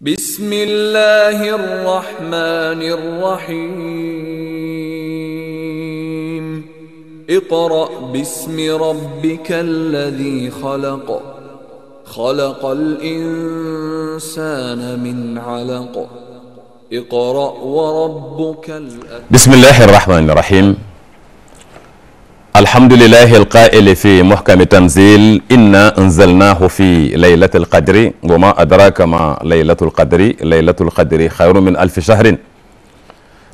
بسم الله الرحمن الرحيم اقرأ باسم ربك الذي خلق خلق الإنسان من علق اقرأ وربك الأكرم بسم الله الرحمن الرحيم alhamdulillahi alqaili fi muhkami tanzil inna anzalnahu fi laylati alqadri wa ma adraka ma laylatu alqadri laylatu alqadri xayru min alfi shahrin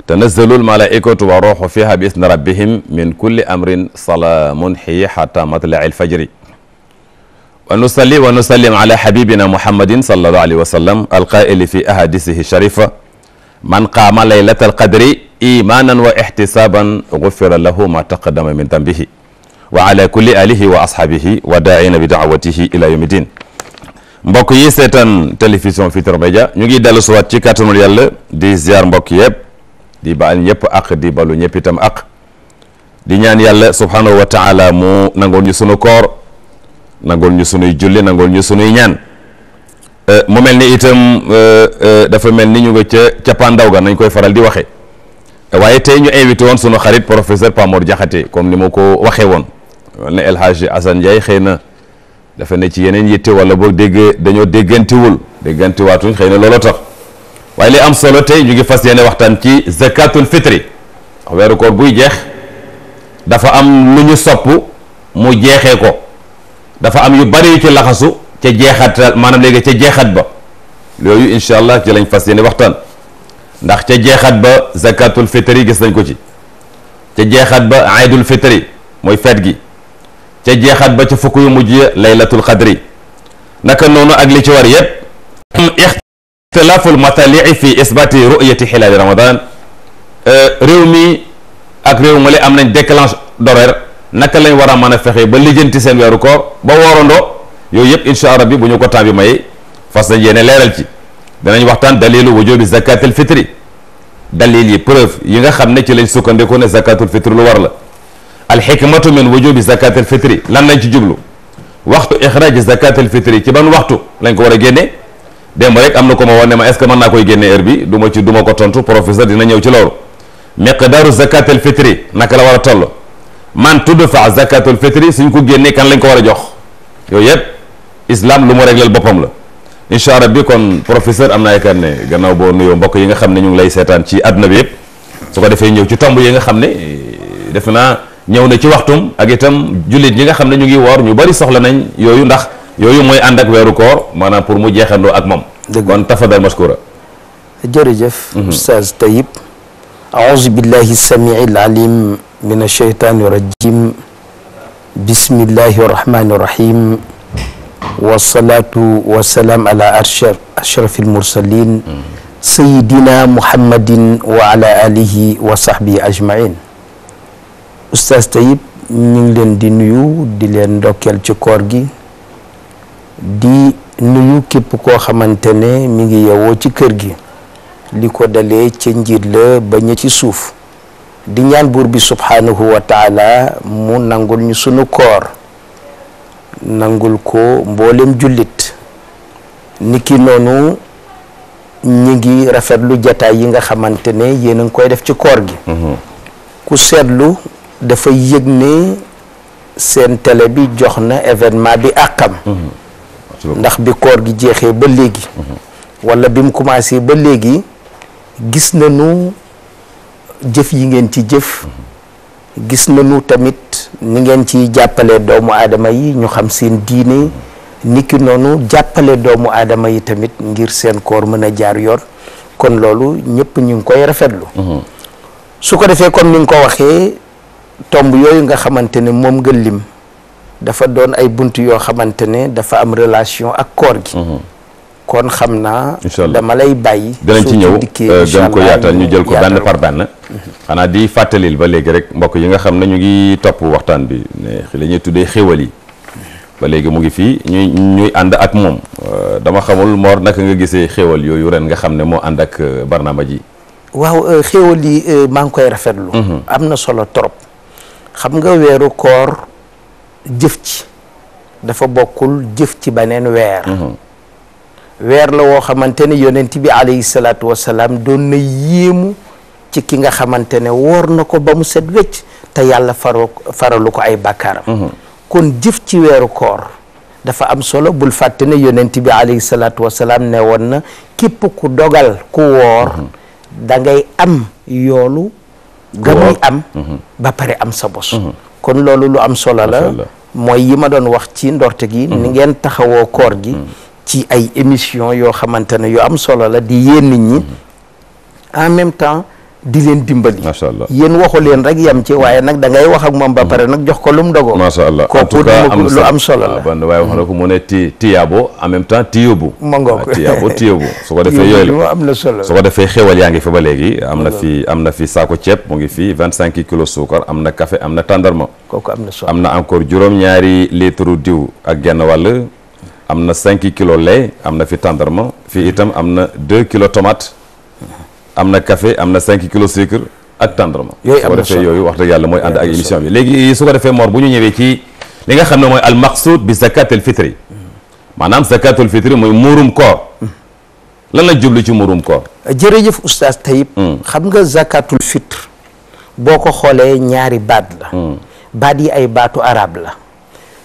tanazzalu almalaikatu wa ruhu fiha bi isni rabbihim min kulli amrin salaamun hiya hatta matlaci alfajri wa nusalli wa nusallim ala habibina muhammadin sallallahu alayhi wa sallam alqaili fi ahadisihi sharifa man qaama laylatal qadri imanan wa ihtisaban gufira lahu ma taqaddama min dambihi wa ala kulli alihi wa ashabihi wa daa'ina bi daawatihi ila yawmi din mbokk yi seetan télévision Futurs Médias ñu ngi dellu suwaat ci kàttanul yàlla di ziar mbokk yëpp di baal ñëpp ak di balu ñëpp itam ak di ñaan yàlla subhanahu wa taala mu nangol ñu sunu koor nangol ñu julli nangol ñu sunuy ñaan Euh, mu mel ni itam euh, euh, dafa mel ni ñu nga ca cappaandaw ga nañ koy faral di waxee waaye tey ñu invité woon sunu xarit professeur Pamor Diakhaté comme ni ma ko waxee woon wal ne El Hadj Assane Ndiaye na dafa ne ci yeneen yitte wala boog dégg dañoo déggantiwul déggantiwaatuñ xëy na looloo tax waaye li am solo tey ñu ngi fas yéene waxtaan ci zakatul fitri wax weeru koor buy jeex dafa am lu ñu sopp mu jeexee ko dafa am yu bari yu ci laxasu ca jeexat maanaam léegi ca jeexat ba yooyu incha allah ci lañ fas yéene waxtaan ndax ca jeexat ba zakatul fitri gis nañ ko ci ca jeexat ba aydul fitri mooy feet gi ca jeexat ba ca fukk yu mujj ya laylatul qadri naka noonu ak li ci war yépp ixtilaaful matalii fi isbati ru'yati xilaali ramadan euh, réew mi ak réew ma am nañ déclenche d'horaire naka lañ war a mën a fexe ba lijjanti seen weeru koor ba woorandoo yooyu yëpp incha allah bi bu ñu ko temps bi may fas nañ yéene leeral ci danañ waxtaan dalilu wujubi zakatul fitri dalil yi preuve yi nga xam ne ci lañ sukkandiku ne zakatul fitri lu war la alxikmatu min wujubi zakatul fitri lan lañ ci jublu waxtu ixraaj zakatul fitri ci ban waxtu lañ ko war a génne démb rek am na ko ma woon ma est ce que naa koy génne heure bi du ma ci du ma ko tontu professeur dina ñëw ci loolu miqdaaru zakatul fitri naka la war a toll man tudfa zakatul fitri suñ ko génnee kan lañ ko war a jox yooyu yëpp islam lu mu réglal boppam la incha allah bi kon professeur am naa yaakaar ne gannaaw boo nuyoo mbokk yi nga xam ne ñu ngi lay seetaan ci àdduna bi yëpp su ko defee ñëw ci tomb yi nga xam ne defe naa ñëw na ci waxtum ak itam jullit ñi nga xam ne ñu ngi woor ñu bari soxla nañ yooyu ndax yooyu mooy ànd ak weeru koor maanaam pour mu jeexandoo ak moom kon tafadal maskura jërëjëf mhm. oustaz Tayib aouzu billahi samii alalim min alsheytani irajim bismillahi arrahmani irrahim wasalaatu wasalaam ala arshaf ashraf almursalin sayidina muhammadin wa ala alihi wa sahbihi ajmain oustaz Taib ñu ngi leen di nuyu di leen ndokkeel ci koor gi di nuyu képp koo xamante ne mi ngi yewoo ci kër gi li ko dalee ci njiit la ba ña ci suuf di ñaan buur bi subhaanahu wa taala mu nangul ñu sunu koor nangul ko mboolem jullit niki noonu ñi ngi rafetlu jataay yi nga xamante ne yéen a ngi koy def ci koor gi mhm. ku seetlu dafa yëg ne seen tele bi jox na événement bi àqam mhm. ndax bi koor gi jeexee ba léegi mhm. wala bi mu commencé ba léegi gis nañu jëf yi ngeen ci jëf gis nañu tamit ni ngeen ci jàppale doomu aadama yi ñu xam seen diine ki noonu jàppale doomu aadama yi tamit ngir seen koor mën a jaar yoon kon loolu ñëpp ñu ngi koy rafetlu mhm. su ko defee comme ni nga ko waxee tomb yooyu nga xamante ne moom nga lim dafa doon ay bunt yoo xamante ne dafa am relation ak koor gi mhm. kon xam naa. dama lay bàyyi. danañ ci ñëw euh, gën ko yaatal ñu jël ko benn par benn. xanaa di fàttalil ba léegi rek mbokk yi nga xam ne ñu ngi topp waxtaan bi ne la ñuy tuddee xéwal yi. ba léegi mu ngi fii ñuy ñuy ànd ak moom euh, dama xamul Mor naka nga gisee xéwal yooyu ren nga xam ne moo ànd ak euh, barnaama ji. waaw xéwal yi maa ngi koy rafetlu. Mhm. am na solo trop. xam nga weeru koor jëf ci dafa bokkul jëf ci beneen weer. Mhm. weer la woo xamante ne yonent bi alayhi salaatu salaam doon na yéemu ci ki nga xamante ne woor na ko ba mu set wecc te yàlla faralu ko ay bàkkaaram mhm. kon jëf ci weeru koor dafa am solo bul fàtte ne yonent bi alayhi salaatu wasalaam ne woon na képp ku dogal ku woor mhm. da ngay am yoolu gamuy am mhm. ba pare am sa bos kon loolu lu am solo la mooy yi ma doon wax ci ndorte gi ni ngeen taxawoo koor gi ci ay émission yoo xamante ne yu am solo la di yéen nit ñi en même temps di leen dimbali. macha allah yéen waxu leen rek yam ci waaye nag da ngay wax ak moom ba mm. pare nag jox ko lu mu dogoo. macha allah en tout cas kooku lu am solo la. waaye wax na ko mu ne ti tiyaabo en même temps tiyobu. ma ngoog ah, tiyaabo tiyobu su ko defee yooyu la am na solo su ko defee xewal yaa ngi fi ba léegi. am na fi am na saako ceeb moo ngi fi vingt cinq kilos suukar am na kafe am na tàndarma. kooku am na solo am na encore juróom-ñaari litre diw ak genn wàll. am na cinq kilos lait am na fi tàndarma fii itam am na deux kilos tomate am na café am na 5 kilos sucre ak tàndarma yooyu su ko defee yooyu wax dëgg yàlla mooy ànd ak émission bi léegi su ko defee Mor bu ñu ñëwee ci li nga xam ne mooy al maqsud bi zakatul fitri maanaam zakatul fitri mooy muurum koor lan la jublu ci muurum koor jërëjëf oustaz Taïb hmm. xam nga zakatul fitre boo ko xoolee ñaari baat la hmm. baat yi ay baatu arab la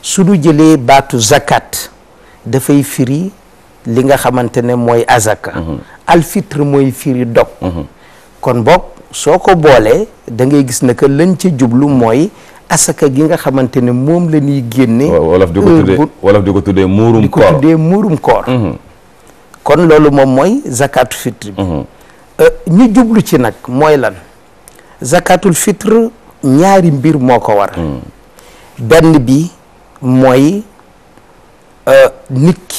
su du jëlee baatu zakat dafay firi li nga xamante ne mooy azaka mhm. alfitre mooy firi dog mhm. kon boog soo ko boolee da ngay gis ne que lañ ci jublu mooy asaka gi nga xamante ne moom la ñuy génne wolof di ko tuddee ko tuddee muurum koor mhm. kon loolu moom mooy zakatul fitre bi euh, ñu jublu ci nag mooy lan zakatul fitre ñaari mbir moo ko war benn bi mooy Euh, nit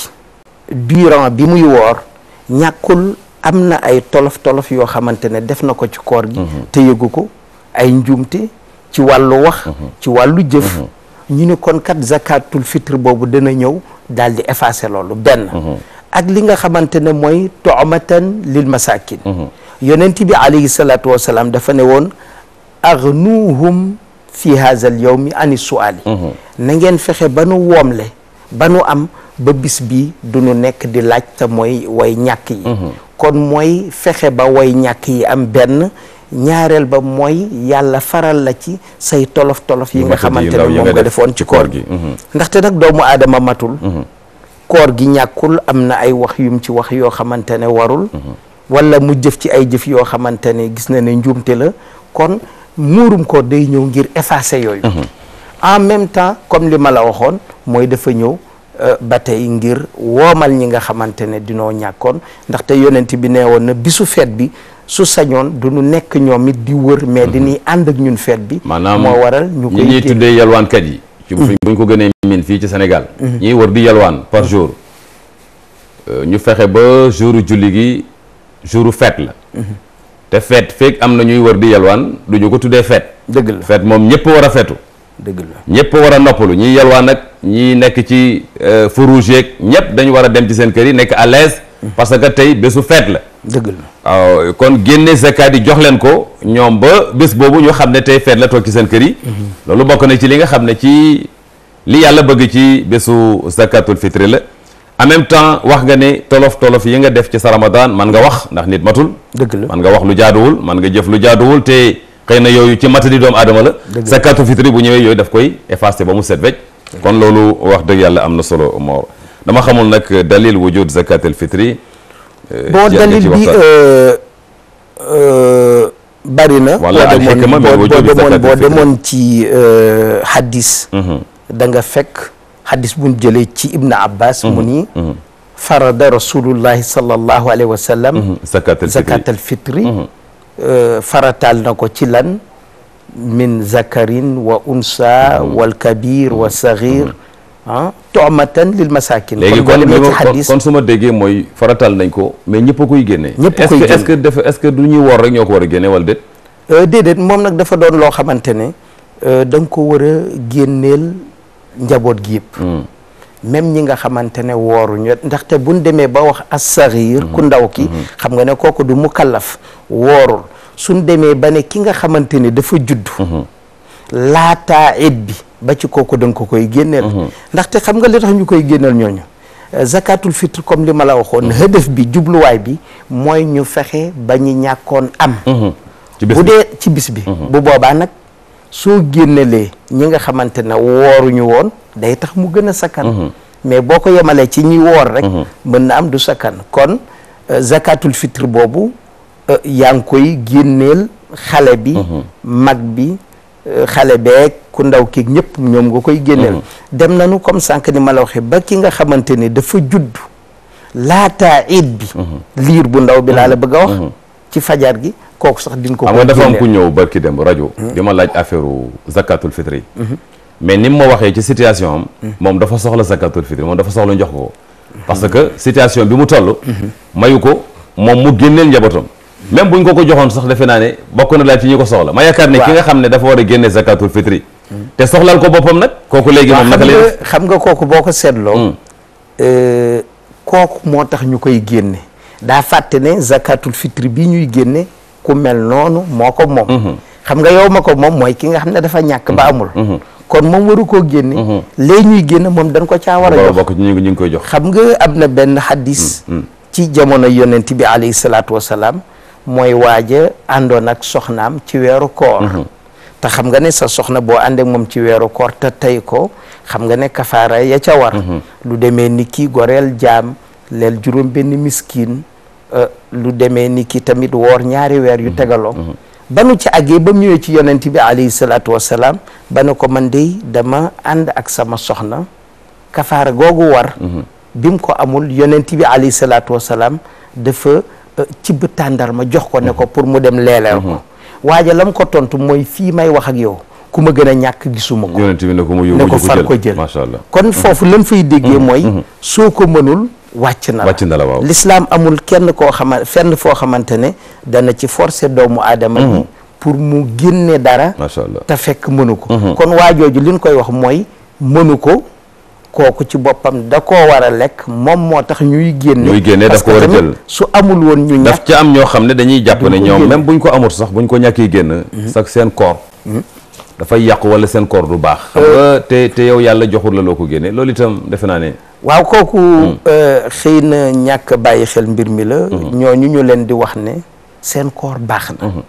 ki durant bi muy woor ñàkkul am na ay tolof tolof yoo xamante ne def na ko ci koor gi mhm. te yëgu ko ay njuumte ci wàllu wax mhm. ci wàllu jëf mhm. ñu ne kon kat zakatul fitre boobu dana ñëw daal di effacer loolu benn ak li nga xamante ne mooy toomatan lil masakin yonent bi alayhi salatu wasalaam dafa ne woon agnuhum fi haazal yawmi ani suali na ngeen fexe ba nu woomle ba nu am ba bis bi du nu nekk di laaj te mooy way ñàkk yi mhm. kon mooy fexe ba way ñàkk yi am benn ñaareel ba mooy yàlla faral la ci say tolof tolof yi nga xamante ne moom nga defoon ci koor gi mhm. ndaxte nag doomu aadama matul mhm. koor gi ñàkkul am na ay wax yum ci wax yoo xamante ne warul wala mu jëf ci ay jëf yoo xamante ne gis na ne njuumte la kon muurum ko day ñëw ngir effacer yooyu en même temps comme li ma la waxoon mooy dafa ñëw euh, ba tey ngir woomal ñi nga xamante ne dinoo ñàkkoon ndaxte yonent bi nee woon na bisu feet bi su sañoon du ñu nekk ñoom it di wër mais mhm. dañuy ànd ak ñun feet bi. maanaam moo waral ñu koy ñuy yi. ci bu mhm. ko gënee miin fii ci senegal mhm. ñiy wër di yalwaan par jour. Euh, ñu fexe ba jouru julli gi jouru feet la. te feet fekk am na ñuy wër di yalwaan du ñu ko tuddee feet. dëgg la feet moom ñëpp war feetu. dëgg la ñëpp war a noppalu ñiy yalwaan nag ñi nekk ci euh, feu rouge yeeg dañu war a dem ci seen kër yi nekk à l'aise mm. parce que tey bésu feet la. dëgg la kon génne zakaat yi jox leen ko ñoom ba bés boobu ñu xam ne tey feet la toog ci seen kër yi. Mm-hmm. loolu bokk na ci li nga xam ne ci li yàlla bëgg ci bésu zakaatul fitri la en même temps wax nga ne tolof tolof yi nga def ci sa Ramadan man nga wax ndax nit matul. dëgg la man nga wax lu jaaduwul man nga jëf lu jaaduwul te. xëy na yooyu ci matadi doom aadama la zakatu fitri bu ñëwee yooyu daf koy effacé ba mu set kon loolu wax dëgg yàlla am na solo moor dama xamul nag dalil wujud zakatul fitri eh, bon dalil bi euh, euh, bari na boo demoon boo demoon ci euh, hadis mhm. da nga fekk hadis buñ jëlee ci ibn abbas mu mhm, ni mhm. farada rasulullahi sallallahu alayhi wa sallam zakatul fitri Euh, farataal na ko ci lan min zakarin wa unsa mm. wal kabir wa mm. saghir mm. ah tomatan lil masakin léegi kon li kon su ma déggee mooy faratal nañ ko mais ñëpp a koy génne ñëpp koy dafa est-ce que du ñuy woor rek ñoo ko war a génne wala déet euh, déedéet moom nag dafa doon loo xamante ne euh, da nga ko war a génneel njaboot gi yëpp même ñi nga xamante ne wooruñu ndaxte buñ demee ba wax as-saghir ku ndaw ki mhm. Mhm. xam nga ne kooku du mukallaf woorul suñ demee ba ne ki nga xamante ne dafa judd mhm. laataa it bi ba ci kooku da ko koy génneel ndaxte xam nga li tax ñu koy génneel ñooñu euh, zakatul fitre comme li ma la waxoon hëdëf bi jubluwaay bi mooy ñu fexe ba ñu ñàkkoon am bu dee ci bis bi bu boobaa nag soo génneelee ñi nga xamante ne wooruñu woon day tax mu gën a sakkan mhm. mais boo ko yemalee ci ñi woor rek mhm. mën na am du sakkan kon euh, zakatul fitre boobu euh, yaa ngi koy génneel xale bi mhm. mag bi euh, xale beeg ku ndaw ki ñëpp ñoom nga koy génneel dem nañu comme sànq ni ma la waxee ba ki nga xamante ni dafa judd laata iid bi liir bu ndaw bi laa la bëgg a wax ci fajar gi kooku sax din ko. xam nga dafa ku ñëw barki dem rajo. Hmm. di ma laaj affaire zakatul fitri hmm. mais ni mu ma waxee ci situation hmm. moom dafa soxla zakatul fitri moom dafa soxla njox ko. parce que situation bi mu toll. mayu ko moom mu génneel njabootam. même buñ ko ko joxoon sax defe naa ne bokk na laaj ci soxla. ma yaakaar ne ki nga xam ne dafa a génne zakatul fitri te soxlal ko boppam nag. kooku léegi moom naka lay xam nga kooku boo ko seetloo. Euh, kooku moo tax ñu koy génne. daa fàtte ne zakatul fitri bi ñuy génne. ku mel noonu moo ko moom mhm. xam nga yow ma ko moom mooy ki nga xam ne dafa ñàkk ba mhm. amul mhm. kon moom waru koo génne léegi ñuy génn moom dañ ko caa war a jox bokk ñu ngi koy jox xam nga am na benn xadis ci jamono yonent bi alayhi salaatu wasalaam mooy waaja àndoon ak soxnaam ci weeru koor te xam nga ne sa soxna boo àndee moom ci weeru koor te tey ko xam nga ne kafaara ya ca war lu demee ni kii goreel jaam leel juróom benn miskin Euh, lu demee ni ki tamit woor ñaari weer yu mhm. tegaloo mhm. ba nu ci àggee ba mu ñëwee ci yonent bi alayhi salaatu wasalaam ba ne ko man dey dama ànd ak sama soxna kafaara googu war mhm. bi mu ko amul yonent bi alayhi salaatu wasalaam dafa euh, cibb tàndarma jox ko ne ko pour mu dem leeleel ko waaja lam ko tontu mooy fii may wax ak yow ku ma gën a ñàkk gisuma ko yonent bi ne ko far ko jël kon foofu lan fay déggee mooy soo ko mënul wàcc na la wàcc na la waaw l'islam amul kenn koo xama fenn foo xamante ne dana ci forcer doomu aadama bi mhm. pour mu génne dara macha te fekk mënu ko mhm. kon waajooju li ñu koy wax mooy mënu ko kooku ci boppam da ko war a lekk moom moo tax ñuy génne ñuy génne daf ko war a jël su amul woon ñu ñàkk daf am ñoo xam ne dañuy jàpp ne ñoom même buñ ko amul sax buñ ko ñàkkee génn mhm. sax seen koor dafay yàqu wala seen koor du baax euh. te te yow yàlla joxul la loo ko génne loolu itam defe naa ne waaw kooku hmm. euh, xëy na ñàkk bàyyi xel mbir mi la hmm. ñoo ñu ñu leen di wax ne seen koor baax na hmm.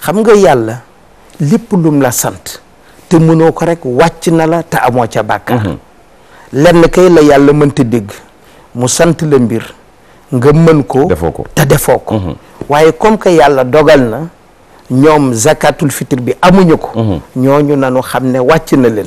xam nga yàlla lépp lum la sant te mënoo ko rekk wàcc na la te amoo ca bàkkaar lenn kay la yàlla mënta dégg mu sant la mbir nga mën ko defoo ko te defoo ko waaye comme que yàlla dogal na ñoom zakatul fitir bi amuñu ko ñooñu nanu xam ne wàcc na leen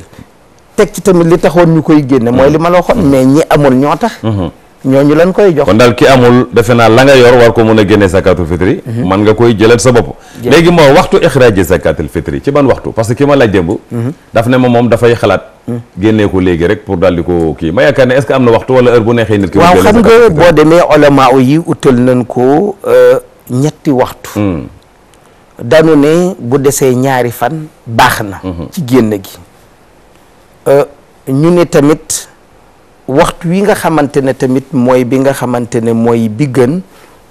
teg ci tamit li taxoon ñu koy génne mooy li ma la waxoon mm-hmm. mais ñi amul ñoo tax mm-hmm. ñoo ñu leen koy jox kon daal ki amul defe naa la nga yor war ko mën a génne zakatul fitri mm-hmm. man nga koy jëlal sa bopp léegi moo waxtu ixraaji zakatul fitri ci ban waxtu parce que ki ma laaj démb daf ne ma moom dafay xalaat mm. génnee ko léegi rek pour daal di ko kii ma yaakaar ne est-ce am na waxtu wala heure bu neexee nit ki waaw nga boo demee olama yi utal nañ ko euh, ñetti waxtu mm. dañu ne bu desee ñaari fan baax na ci génn gi Euh, ñu ne tamit waxtu wi nga xamante ne tamit mooy bi nga xamante ne mooy bi gën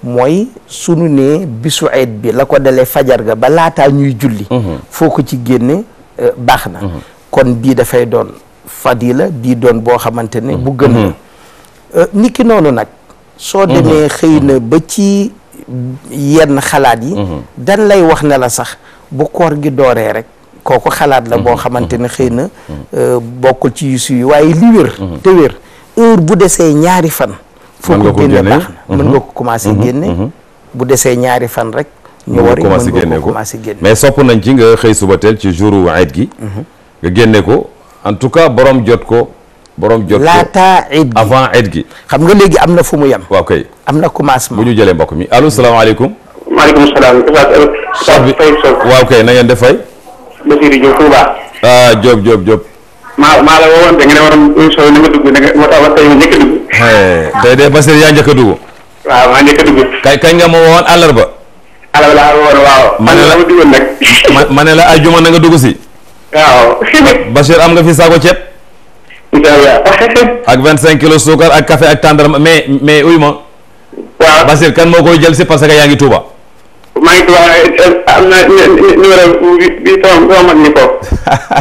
mooy sunu ne bisu eet bi la ko delee fajar ga ba laataa ñuy julli mhm. foo ko ci génne euh, baax na mhm. kon bii dafay doon fadila bii doon boo xamante ne bu gën la mhm. euh, niki noonu nag soo demee xëy na ba ci yenn xalaat yi dan lay wax na la sax bu koor gi dooree rek kooku xalaat la boo mm-hmm. xamante ne mm-hmm. xëy na mm-hmm. euh, bokkul ci yusu yi waaye li wér te wér bu desee ñaari fan foo ko génne baax mën nga ko commencé génne bu desee ñaari fan rek ñu war a mën nga ko commencé génne mais sopp nañ ci nga xëy suba teel ci jour ayit gi nga génne ko en tout cas borom jot ko borom jot ko laataa ayit gi avant ayit gi xam nga léegi am na fu mu yem waaw am na commencement bu ñu jëlee mbokk mi allo salaamaaleykum maaleykum salaam waaw kay na ngeen def fay Bassirou Diop Touba. ah Diop Diop maa maa la woowoon te nga ne waroon émission bi nga dugg na moo tax tey ma njëkk a dugg. tey de yaa njëkk a dugg. waaw maa njëkk a dugg. kañ kañ nga ma woowoon àllarba. àllarba laa woowoon waaw. la ma duggoon nag. ma ne la ajjuma na nga dugg si. waaw. am nga fi saako ceeb. incha allah. ak vingt cinq kilos suukar ak kafe ak tàndarma mais mais uy ma. waaw Bassirou kan moo koy jël si parce que yaa ngi Touba. maa ngi tubaab am na numéro bi sama mag ni ko.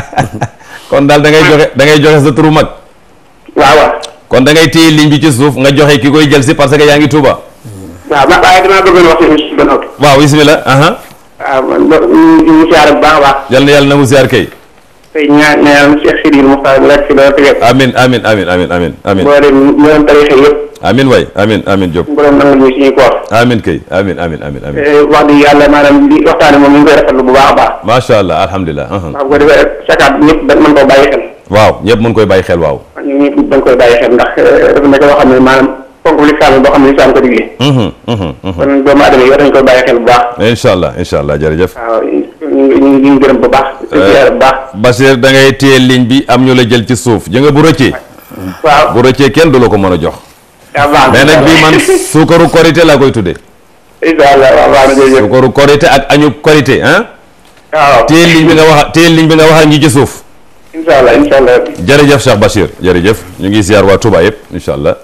kon daal da ngay joxe da ngay joxe sa turu mag. waaw waaw. kon da ngay téye ligne bi ci suuf nga joxe ki koy jël si parce que yaa ngi Touba. waaw ma waaye damaa bëggoon wax si man ba baax baax. yal na yàlla na mu siyaar kay. tey ñaan na yàlla Cheikh Sidi Moussa laaj si dara tëjee. amin waay amin amin Diop borom nangul ñu suñu koor amin kay amin amin amin eh, wax dëgg yàlla maanaam li waxtaane moom ñu ngi koy rafetlu bu baax a baax macha allah alhamdulilah waaw ko defee sakaat ñëpp koy bàyyi xel waaw ñëpp dañ koy bàyyi eh, loo xam ne maanaam fonk lislaam boo xam ne lislaam ko digle kon doomu aadama yi war nañ koy bàyyi xel bu baax incha allah incha allah jërëjëf waaw ñu ñu ngi gërëm bu baax eh, bu baax Basiir da bi am ñu la jël ci suuf jë nga bu rëccee waaw bu rëccee kenn du la ko mën a jox mais nag bii man suukaru korité laa koy tuddee. incha allah suukaru korité ak añu korité ah. waaw téye ligne bi nga wax téye ligne bi nga wax ak ñi ci suuf. incha allah incha jërëjëf Cheikh Bachir jërëjëf ñu ngi ziar waa Touba yëpp incha allah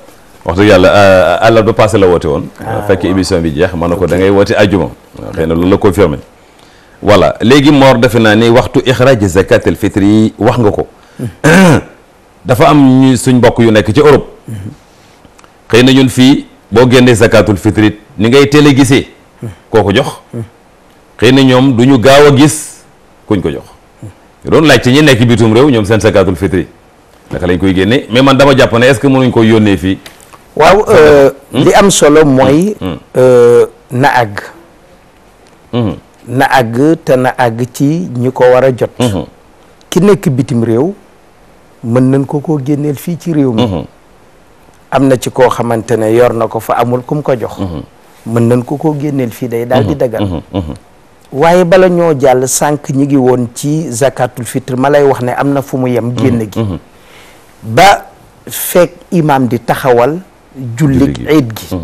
wax yàlla euh, àllarba ba passé la woote woon. Ah, euh, fekk émission bi jeex man ne ko dangay ngay woote àjjuma. Ah. xëy na loolu la confirmé. voilà léegi moor defe naa ni waxtu ixraaj zakatil fitri yi wax nga ko. Hmm. dafa am suñ mbokk yu nekk ci Europe. Hmm. xëy na ñun fii boo génnee zakatul fitrit ni ngay teel a gisee koo ko jox xëy na ñoom du ñu gaaw a gis kuñ ko jox doon laaj ci ñi nekk bitum réew ñoom seen zakatul fitri naka lañ koy génnee mais man dama jàpp ne est-ce que ko yónnee fii waaw euh, li am solo hmm. mooy hmm. Euh, na àgg hmm. na àgg te na àgg ci ñi ko war a jot ki nekk bitim réew mën nañ ko koo génneel fii ci réew mi am na ci koo xamante ne yor na ko fa amul kum ko jox mhm. mën nañ ko koo génneel fii day daal di mhm. dagal mhm. waaye bala ñoo jàll sànq ñi ngi woon ci zakatul fitre ma lay wax ne am na fu mu yem génn gi ba fekk imam di taxawal julli gi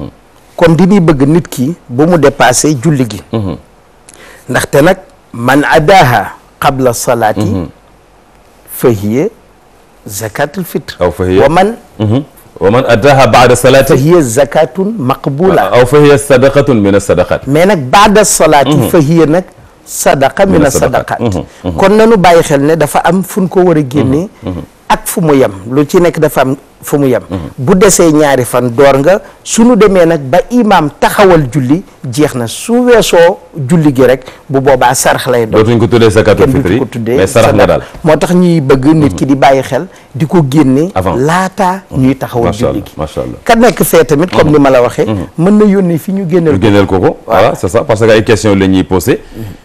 kon di bëgg nit ki bu mu dépassé julli gi ndaxte nag man adaha qabla salaati fa hiya zakatul wa man wa man addaaha baada salaati. fa hiya zakatun maqbula. aw fa hiya sadaqatun min as-sadaqat. mais nag baada salaati. fa hiya nag sadaqa min as-sadaqat. kon nanu bàyyi xel ne dafa am fu ñu ko war a génnee. ak fu mu yem lu ci nekk dafa am. fu mu yem mhm. bu desee ñaari fan door nga suñu demee nag ba imaam taxawal julli jeex na su weesoo julli gi rek bu boobaa sarax lay doon dootuñ ko tuddee zakatul fitri ko tuddee mais sarax nga daal moo tax ñuy bëgg nit mhm. ki di bàyyi xel di ko génne laataa mhm. ñuy taxawal julli gi macha allah ka nekk fee tamit comme ni ma la waxee mën na yónni fi ñu génneel ko ko ko voilà c'est ça parce que ay question la ñuy posé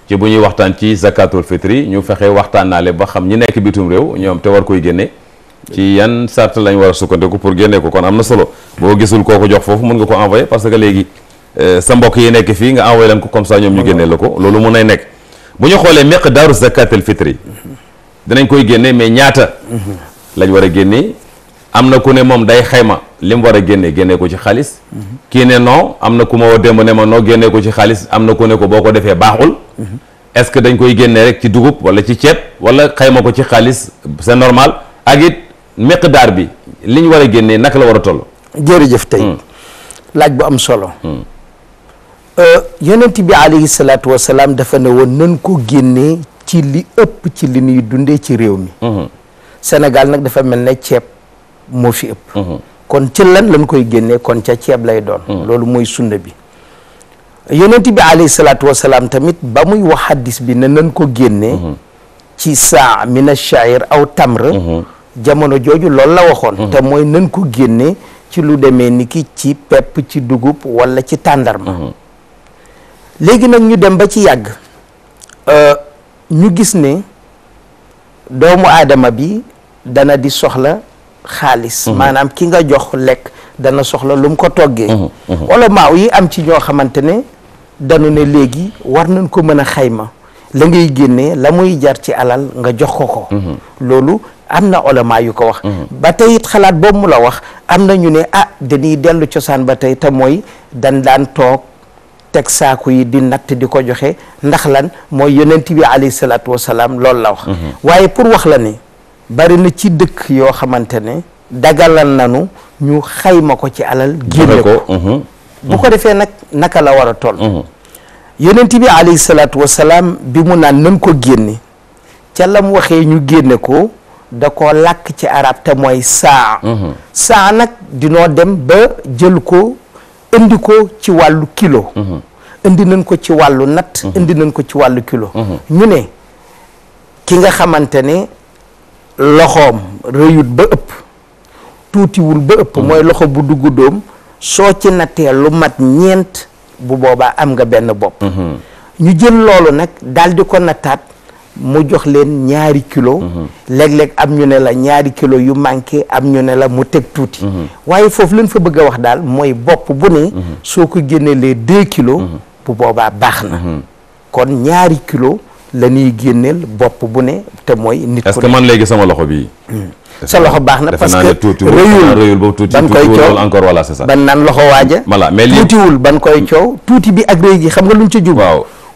ci bu ñuy waxtaan ci zakatul fitri ñu fexe waxtaan naale ba xam ñi nekk bitum réew ñoom te war koy génne ci yan sart lañ war a sukkandiku pour génne ko kon am na solo boo gisul koo ko jox foofu mën nga ko envoyé parce que léegi euh, sa mbokk yi nekk fii nga envoyé leen ko comme ça ñoom ñu génnee la ko loolu mun nay nekk bu ñu xoolee miqdaaru zakatul fitri dinañ koy génnee mais ñaata lañ war a génnee am na ku ne moom day xayma li mu war a génnee génnee ko ci xaalis kii ne non am na ku ma woo démb ne ma non génne ko ci xaalis am na ku ne ko boo ko defee baaxul est-ce que dañ koy génne rek ci dugub wala ci ceeb wala xayma ko ci xaalis c'est normal daar bi liñ war a génnee naka la war a toll. jërëjëf tey. Hmm. laaj bu am solo. Hmm. Euh, yonent bi alayhi salaatu wa salaam dafa ne woon nañ ko génnee ci li ëpp ci li ñuy dundee ci réew mi. Hmm. senegal nag dafa mel ne ceeb moo fi ëpp. kon ci lan lañ koy génnee kon ca ceeb lay doon. loolu mooy sunna bi. yonent bi alayhi salaatu wa salaam tamit ba muy wax bi ne nañ ko génnee. ci saa mina shair aw tamr. jamono jooju loolu la waxoon hmm. te mooy nan ko génne ci lu demee ni ki ci pepp ci dugub walla ci tàndarma hmm. léegi nag ñu dem ba ci yàgg euh, ñu gis ne doomu aadama bi dana di soxla xaalis hmm. maanaam ki nga jox lekk dana soxla lu mu ko toggee walla maaw yi am ci ñoo xamante ne danu ne léegi war nañ ko mën a xayma la ngay génne la muy jar ci alal nga jox ko ko loolu am na olama yu ko wax mhm. ba tey xalaat boobu mu la wax am na ñu ne ah dañuy dellu cosaan ba tey te mooy dañ daan toog teg saaku yi di natt di ko joxe ndax lan mooy yonent bi alayhi salaatu wasalaam loolu la wax mhm. waaye pour wax la ni bari na ci dëkk yoo xamante ne dagalal nanu ñu xayma ko ci alal génne ko mhm. bu ko defee nag naka la war a toll yonent bi alayhi salaatu wasalaam bi mu naan nan ko génne ca lam waxee ñu génne ko da koo làkk ci arab te mooy saa mhm. saa nag dinoo dem ba jël ko indi ko ci wàllu kilo mhm. indi nañ ko ci wàllu natt mhm. indi nañ ko ci wàllu kilo ñu ne ki nga xamante ne loxoom rëyut ba ëpp tuutiwul ba ëpp mooy loxo bu dugg doom soo ci nattee lu mat ñeent bu boobaa am nga benn bopp ñu jël loolu nag daal ko nattaat mu jox leen ñaari kilo mhm. léeg-léeg am ñu ne la ñaari kilo yu manqué am ñu ne la mu teg tuuti mhm. waaye foofu leen fa bëgg a wax daal mooy bopp bu ne mhm. soo ko génnee les deux kilos bu boobaa baax na kon ñaari kilo la ñuy génneel bopp bu ne te mooy nit ku est que man léegi sama loxo bi hmm. sa loxo baax na parce que rëyul ba tuuti ban koy coow encore voilà c'est ça ban naan loxo waaja voilà mais tuutiwul ban koy hmm. coow tuuti bi ak rëy gi xam nga lu ñu ci jub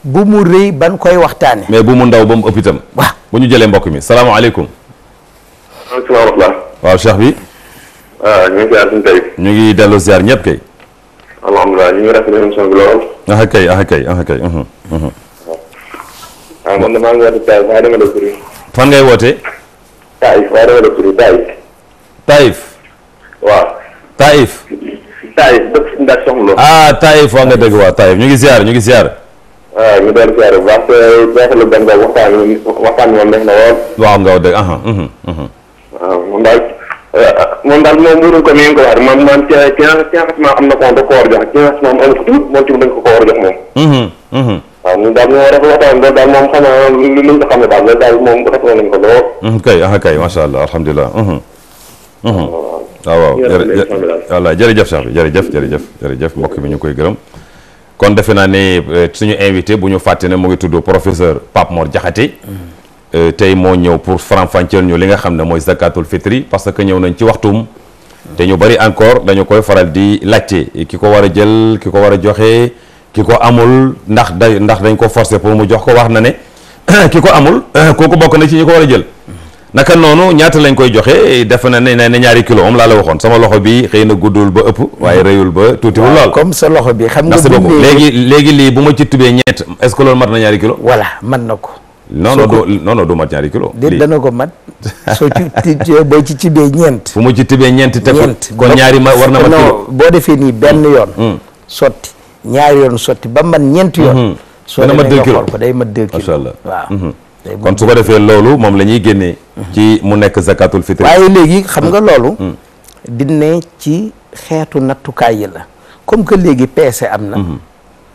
bu mu rëy ban koy waxtaane mais bu mu ndaw ba mu ëpp itam. waaw bu ñu jëlee mbokk mi salaamaaleykum. maaleykum salaam. waaw cheikh bi. waaw ah, ñu ngi ziar suñu tey. ñu ngi dellu ziar ñëpp kay. alhamdulilah ñu ngi rafetlu émission bi lool. ah kay ah kay ah kay. waaw uh-huh, uh-huh. ah, man damaa ngi woote Taïf waaye dama la tur. fan ngay wootee. Taïf waaye dama la tur Taïf. Taïf. waaw. Taïf. Taïf dëkk Ndax Soxna. ah Taïf waa nga dëgg waa Taïf ñu ngi ziar ñu ngi ziar. waaw euh, ñu doon seetlu bu baax te jaaxle benn boobu waxtaan bi waxtaan bi moom def na lool. waaw nga wax dëgg. Mhm, mhm. waaw moom daal euh, moom daal moom mënuñ ko ni nga ko waxee moom moom ci ci financement am na ko da ko war a jox financement moom amul ko tuut moom ci dañ ko ko war a jox moom. Mhm, waaw ñun daal ñoo rafetlu waxtaan bi daal moom xam naa lu ñu ko xam ne daal loolu daal moom rafetlu nañ ko lool. kay ah kay macha allah alhamdulilah. waaw waaw ah, jërëjëf jërëjëf sax bi jërëjëf jërëjëf jërëjëf mbokk mi ñu koy gërëm. kon defe naa ne euh, suñu invité bu ñu fàtte ne mu ngi tudd professeur Pape Mor Diakhaté mm-hmm. euh, tey moo ñëw pour faram-fàcceel li nga xam ne mooy zakatul fitri parce que ñëw nañ ci waxtum mm-hmm. te ñu bari encore dañu koy faral di laajte ki ko war a jël ki ko war a joxe ki ko amul ndax da ndax dañ ko forcer pour mu jox ko wax na ne ki ko amul kooku bokk na ci ñu ko war a jël naka noonu ñaata lañ koy joxe def na ne ne ñaari kilo moom laa la waxoon sama loxo bi xëy na guddul ba ëpp waaye mm-hmm. rëyul ba tuutiwul lool comme sa loxo bi xam nga léegi léegi lii bu ma ci tubee ñeent est-ce que loolu mat na ñaari kilo voilà man na ko non non du non non du mat dana ko mat soo ci boo ñeent fu ma ci tibee ñeent te kon ñaari ma war na mat kilo boo defee nii benn mm. yoon mm. sotti ñaari yoon sotti ba man ñeent yoon mm-hmm. soo demee nga xool ko day mat deux kilo macha allah waaw mm-hmm. kon su ko defee loolu moom la ñuy génnee. ci mu nekk zakatul fitri. waaye léegi xam nga mm. loolu. Mm. dine ci xeetu nattukaay yi la comme que léegi peese am na. Mm-hmm.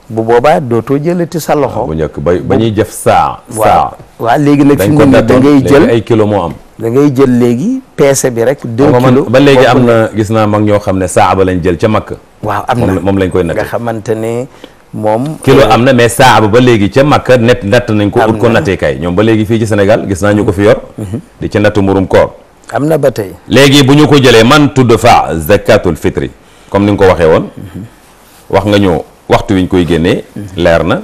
bu boobaa dootoo jëlati sa loxo. Ah, ba ba ñuy jëf saa. saa waaw léegi nag fi mu ne jël ay kilo moo am. da ngay jël léegi peese bi rek. deux kilos ba léegi am na gis naa mag ñoo xam ne saa ba lañ jël ca mag waaw am na moom lañ koy natt nga xamante ne. moom kilo euh, am na mais saabu ba léegi ca Makka net natt nañ ko ut ko natteekaay ñoom ba léegi fii ci Sénégal gis naa ñu ko fi yor mhm. di ci natt mburum koor am na ba tey léegi bu ñu ko jëlee man tudd fa zakatul fitri comme ni nga ko waxee woon mhm. wax nga ñu waxtu wiñ koy génnee mhm. leer na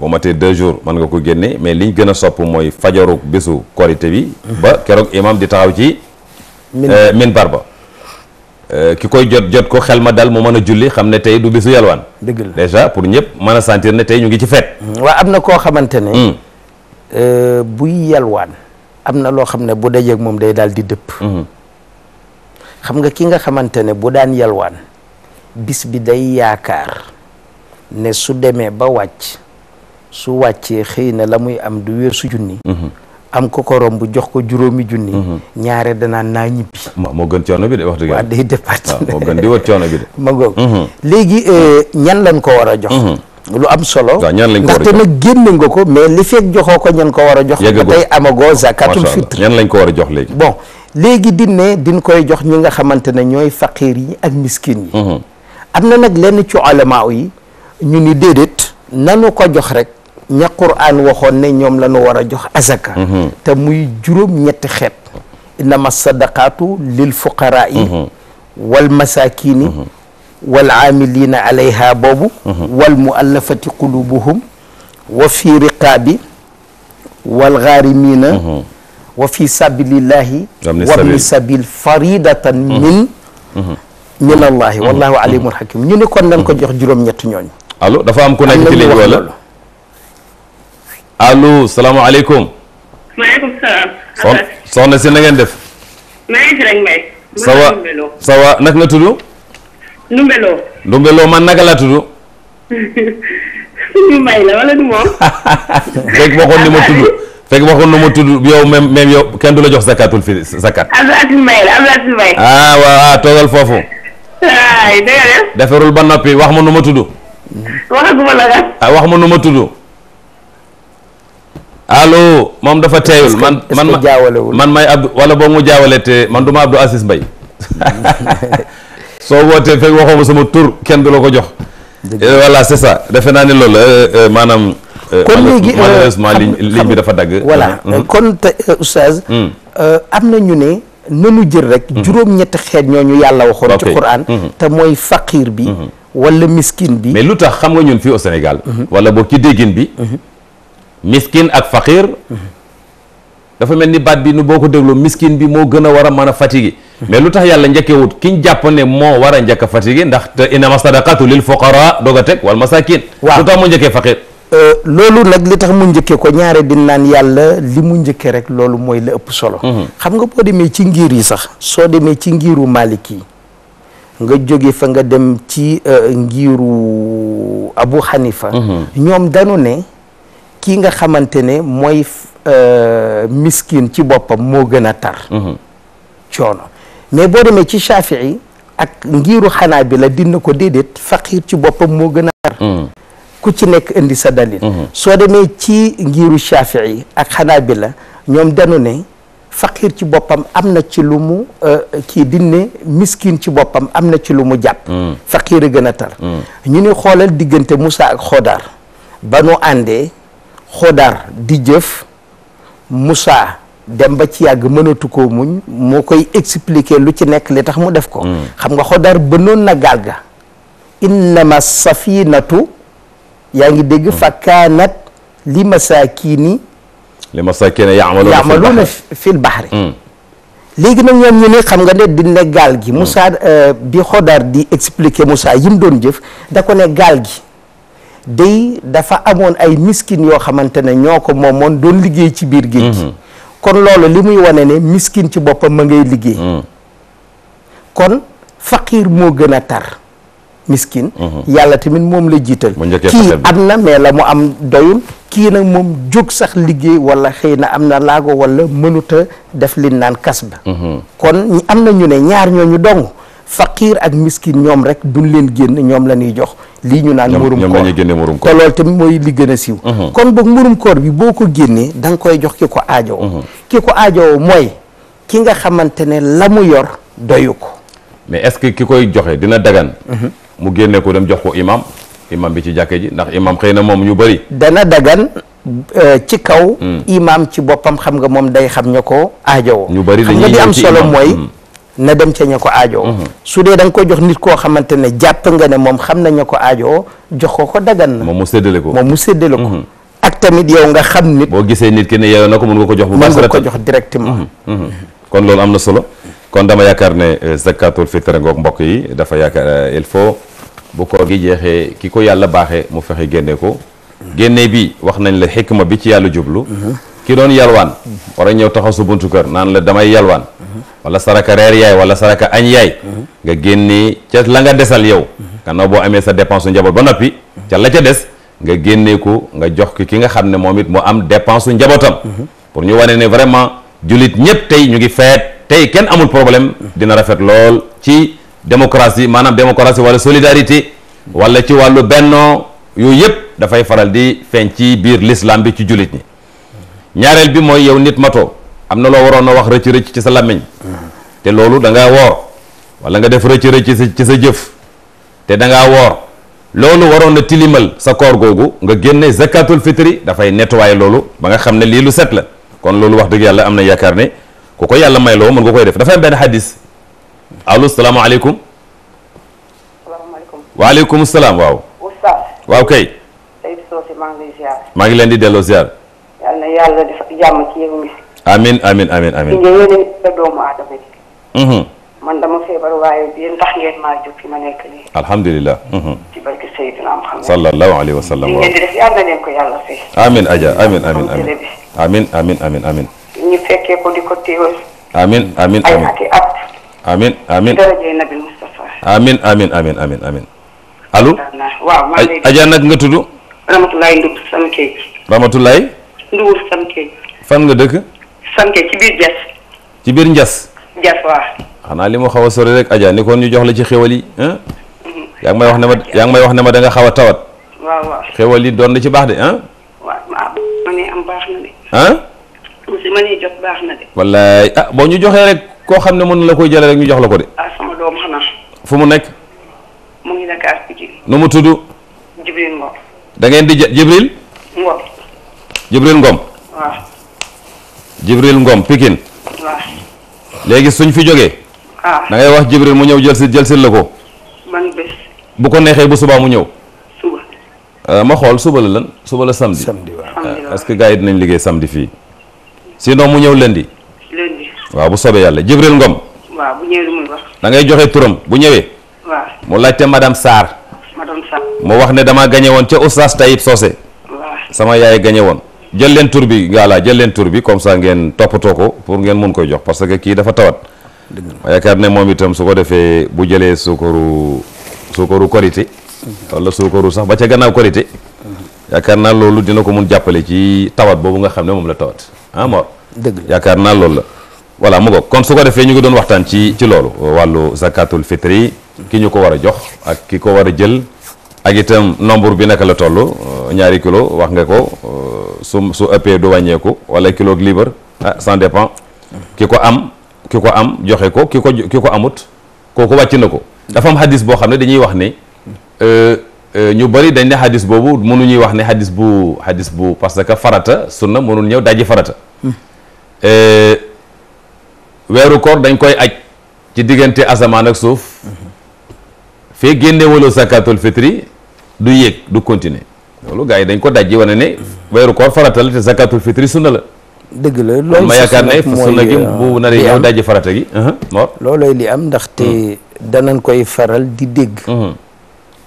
bu matee deux jours mën nga ko génnee mais liñ gën a sopp mooy fajaru bésu korité bi ba keroog imam di taxaw ci min euh, barba Euh, ki koy jot jot ko xel ma dal mu mën a julli xam ne tey du bisu yalwaan. dëgg la déjà pour ñëpp mën a sentir ne tey ñu ngi ci fête. Mm, waa am na koo xamante ne. Mm. Euh, buy yalwaan am na loo xam ne bu dajeeg moom day daal di dëpp. Mm-hmm. nga ki nga xamante ne bu daan yalwaan bis bi day yaakaar ne su demee ba wàcc su wàccee xëy na la muy am du weer weesu junni. Mm-hmm. am ko ko romb jox ko juróomi junni. Mhm. ñaare danaan naa ñibbi. moo gën coono bi de wax ah, de. ma goog mhm. léegi eh, ñan lañ ko war a jox. Mhm. lu am solo. ñan lañ ko war a jox ndaxte nag génne nga ko mais li fekk joxoo ko ñan ko war a jox. yegg ba tey amagoo zakatul fitr ñan lañ ko war a jox léegi. bon léegi dinne din koy jox ñi nga xamante ne ñooy faqiir yi ak miskin yi. am na nag lenn ci ulama yi ñu ni déedéet nanu ko jox rek. ña quraan waxoon ne ñoom la ñu war a jox azaka mm-hmm. te muy juróom ñetti xeet innama sadaqaatu lil fuqaraai mm-hmm. wal masakini mm-hmm. wal aamilina alayha boobu wal muallafati qulubuhum wa fi riqaabi wal gaarimina wa fi sabilillahi wabni sabil faridatan min min allahi wallahu alimul ñu ne kon nañ ko jox juróom ñetti ñooñu allo salaamaaleykum. maaleykum salaam. soxna si na def. maa ngi fi sawa sawa nga tudd. Ndumbelo. man naka laa tudd. suñu mbay la fekk waxoon ni ma tudd fekk waxoon na ma tudd yow même même yow kenn du la jox zakatul fi zakat. Abdoulaye Mbaye la Abdoulaye Mbaye. ah waaw ah, toogal foofu. waay defarul ba noppi wax ma nu ma tudd. Ah, wax ma nu ma tudd. allo moom dafa teeyul man man man may Abdou wala boo mu jaawalee te man du ma Abdou Aziz soo wootee fekk waxoo ma sama tur kenn du la ko jox eh, voilà c'est ça defe naa ne loolu eh, eh, maanaam kon léegi euh, malheureusement bi dafa dagg voilà euh, mhm. kon te euh, oustaz hmm. am na ñu ne nanu jël rek hmm. juróom-ñetti xeet ñooñu yàlla waxoon ci Qur'an hmm. te mooy faqir bi wala miskin bi mais lu tax xam nga ñun fii au Sénégal wala boog ci déggin bi miskin ak faqir dafa mel ni baat bi nu boo ko dégloo miskin bi moo gën a war a mën a fatigué mais lu tax yàlla njëkkewut ki ñu jàpp ne moo war a njëkk a fatigué ndax te innama sadaqatu lil fuqara doog teg wal masakin waa lu tax mu njëkkee faqir euh, loolu nag li tax mu njëkkee ko ñaare di naan yàlla li mu njëkkee rek loolu mooy la ëpp solo mhm. xam nga boo demee ci ngiir yi sax soo demee ci ngiiru Maalik yi nga jóge fa nga dem ci euh, ngiiru Abu Hanifa mhm. ñoom danu ki nga xamante ne mooy euh, miskin ci boppam moo gën a tar mhm. coono mais boo demee ci Shafii ak ngiiru xanaa bi la dina ko déedéet faqiir ci boppam moo gën a tar mhm. ku ci nekk indi sa dalil mhm. soo demee ci ngiiru Shafii ak xanaa bi la ñoom danu ne fakiir ci boppam am na ci lu mu euh, kii dinne miskin ci boppam am na ci lu mu jàpp fakiir a gën a tar ñu ni xoolal diggante Moussa ak Xodar ba nu àndee xodaar di jëf Moussa dem ba ci yàgg mënatu koo muñ moo koy expliquer lu ci nekk li tax mu def ko hmm. xam nga xodaar bënoon na gaal ga innama safinatu yaa ngi dégg hmm. fa kaanat li masaakiini li masaakiina yaamaluuna fil bahri hmm. nag ñoom ñu xam nga ne dina gaal gi Moussa euh, bi xodaar di expliquer Moussa yim doon jëf da ko ne gaal gi day dafa amoon ay miskin yoo xamante ne ñoo ko moomoon doon liggéey ci biir géej gi mm-hmm. kon loolu li muy wane ne miskin ci boppam ma ngay liggéey mm. kon fakiir moo gën a tar miskin mm-hmm. yàlla tamit moom la jiital kii am na mais la mu am doyul kii nag moom jóg sax liggéey wala xëy na am na laago wala mënuta def li naan kas ba mm-hmm. kon am na ñu ne ñaar ñooñu dong faqiir ak miskin ñoom rek duñ leen génn ñoom la ñuy jox lii ñu naan murum koor ñoom la ñuy génne murum mooy li gën a siiw mm-hmm. kon boog murum koor bi boo ko génnee da koy jox ki ko aajowoo mm-hmm. ki ko aajowoo mooy ki nga xamante ne la mu yor doyu ko mais est-ce que ki koy joxee dina dagan mm-hmm. mu génnee ko dem jox ko imam imam bi ci jàkke ji ndax imam xëy na moom ñu bëri dana dagan euh, ci kaw mm. imam ci boppam xam nga moom day xam ña ko aajowoo ñu bari xam nga di am solo mooy mm. na dem ca ña ko aajoo mhm. su dee danga ko jox nit koo xamante ne jàpp nga ne moom xam na ña ko aajoo jox ko ko dagan na moom mu séddale ko moom mu séddale ko mhm. ak tamit yow nga xam nit boo gisee nit ki ne yow na ko mën nga ko jox bu mën nga ko jox directement mhm. kon loolu am na solo kon dama yaakaar ne euh, zakatul fitre ngoog mbokk yi dafa yaakaar euh, il faut bu koor gi jeexee ki ko yàlla baaxee mu fexe génne ko génne bi wax nañ la xikma bi ci yàlla jublu ki doon yalwaan war a ñëw taxaw sa buntu kër naan la damay yalwaan wala saraka reer yaay wala saraka añ yaay nga génnee ca la nga desal yow gannaaw boo amee sa dépense njaboot ba noppi ca la ca des nga génnee ko nga jox ki ki nga xam ne moom it mu am dépense njabootam pour ñu wane ne vraiment jullit ñëpp tey ñu ngi feet tey kenn amul problème dina rafet lool ci démocratie maanaam démocratie wala solidarité wala ci wàllu bennoo yooyu yëpp dafay faral di feeñ ci biir l'islam ci jullit ñi ñaareel bi mooy yow nit mato am na loo waroon a wax rëcc rëcc ci sa làmmiñ te loolu dangaa woor wala nga def rëcc rëcc ci sa jëf te da ngaa woor loolu waroon na tilimal sa koor googu nga génne zakatul fitri dafay nettoyé loolu ba nga xam ne lii lu set la kon loolu wax dëgg yàlla am na yaakaar ne ku ko yàlla may loo mën nga koy def dafay am benn xadis allo salaamaaleykum. salaamaaleykum. salaam waaw. waaw kay. maa ngi leen di delloo ziar. yal na yàlla def jàmm ci yow mi. amiin amiin amiin amiin. nga yéene sa doomu aadama ji. Mm-hmm. man dama feebar waaye yéen tax ngeen maa jóg fi ma nekk nii. alhamdulilah. Mm-hmm. ci barke Seydina Muhammad. sallallahu alayhi wa sallam. li ngeen di def yal na leen ko yàlla fay. amiin Adja amiin amiin amiin amiin amiin amiin amiin. ñu fekkee ko di ko teewal. amiin amiin amiin ay at i at. amiin amiin ci daraja Nabi Mustafa. amiin amiin amiin amiin amiin. allo. waaw maa ngi lay déglu Adja nag nga tudd. Ramatulaay Ndub sama kii. Ramatulaay. Ndour Samkeej. fan nga dëkk. Samkeej ci biir njas ci biir Ndiass. xanaa li mu xaw a sori rek ajaa ni kon ñu jox la ci xéwal yi. yaa ngi may wax ne ma yaa ngi may wax ne ma da xaw a tawat. waaw yi doon na ci baax de ah. wallaay ah boo ñu joxee rek koo xam ne mën la koy jëlee rek ñu jox la ko de. Ah, fu mu nekk. mu nu mu tudd. Jibril Ngor. da di Jibril. Jibril Ngom. waaw. Jibril Ngom Pikine. léegi suñ fi jógee. waaw ah. da ngay wax Jibril mu ñëw jël si jël si la ko. bu ko neexee bu suba mu ñëw. Euh, ma xool suba la lan suba la samedi. samedi waaw euh, que gars yi dinañ liggéey samedi fii. sinon mu ñëw lundi. lundi. waaw bu soobee yàlla Jibril Ngom. dangay joxe turam bu ñëwee. mu laajte madame Sarr. madame mu wax ne dama gañe woon ca Oustaz Tayib Socé. sama yaay gañe woon. jël leen tur bi gaalaa jël leen tur bi comme ça ngeen toppatoo ko pour ngeen mën koy jox parce que kii dafa tawat yaakaar ne moom itam su ko defee bu jëlee suukaru suukaru korité wala suukaru sax ba ca gannaaw korité yaakaar naa loolu dina ko mun jàppale ci tawat boobu nga xam ne moom la tawat ah Mor dëgg yaakaar naa loolu la voilà mu ngoog kon su ko defee ñu ngi doon waxtaan ci ci loolu wàllu zakatul yi ki ñu ko war a jox ak ki ko war a jël ak itam nombre bi naka la toll euh, ñaari kilo wax nga ko euh, su su ëppee du wàññeeku wala kilo ak liibar ah ça dépend ki ko am ki ko am joxe ko ki ko ki ko amut kooku wàcc na ko dafa am hadis boo xam ne dañuy wax ne euh, ñu bëri dañ ne hadis boobu mënuñuy wax ne hadis bu hadis bu parce que farata su na mënul ñëw daji farata hmm. weeru koor dañ koy aj ci diggante asamaan ak suuf hmm. fee génne wala zakatul fitri du yéeg du continuer loolu gars yi dañ ko dajji wane ne weeru koor farata la te zakatul fitri sunna la dëgg la loolu ma yaakaar ne sunna gi euh, bu naree ñëw dajji farata gi uh-huh, mor loolooy li am ndaxte uh-huh. danañ koy faral di dégg uh-huh.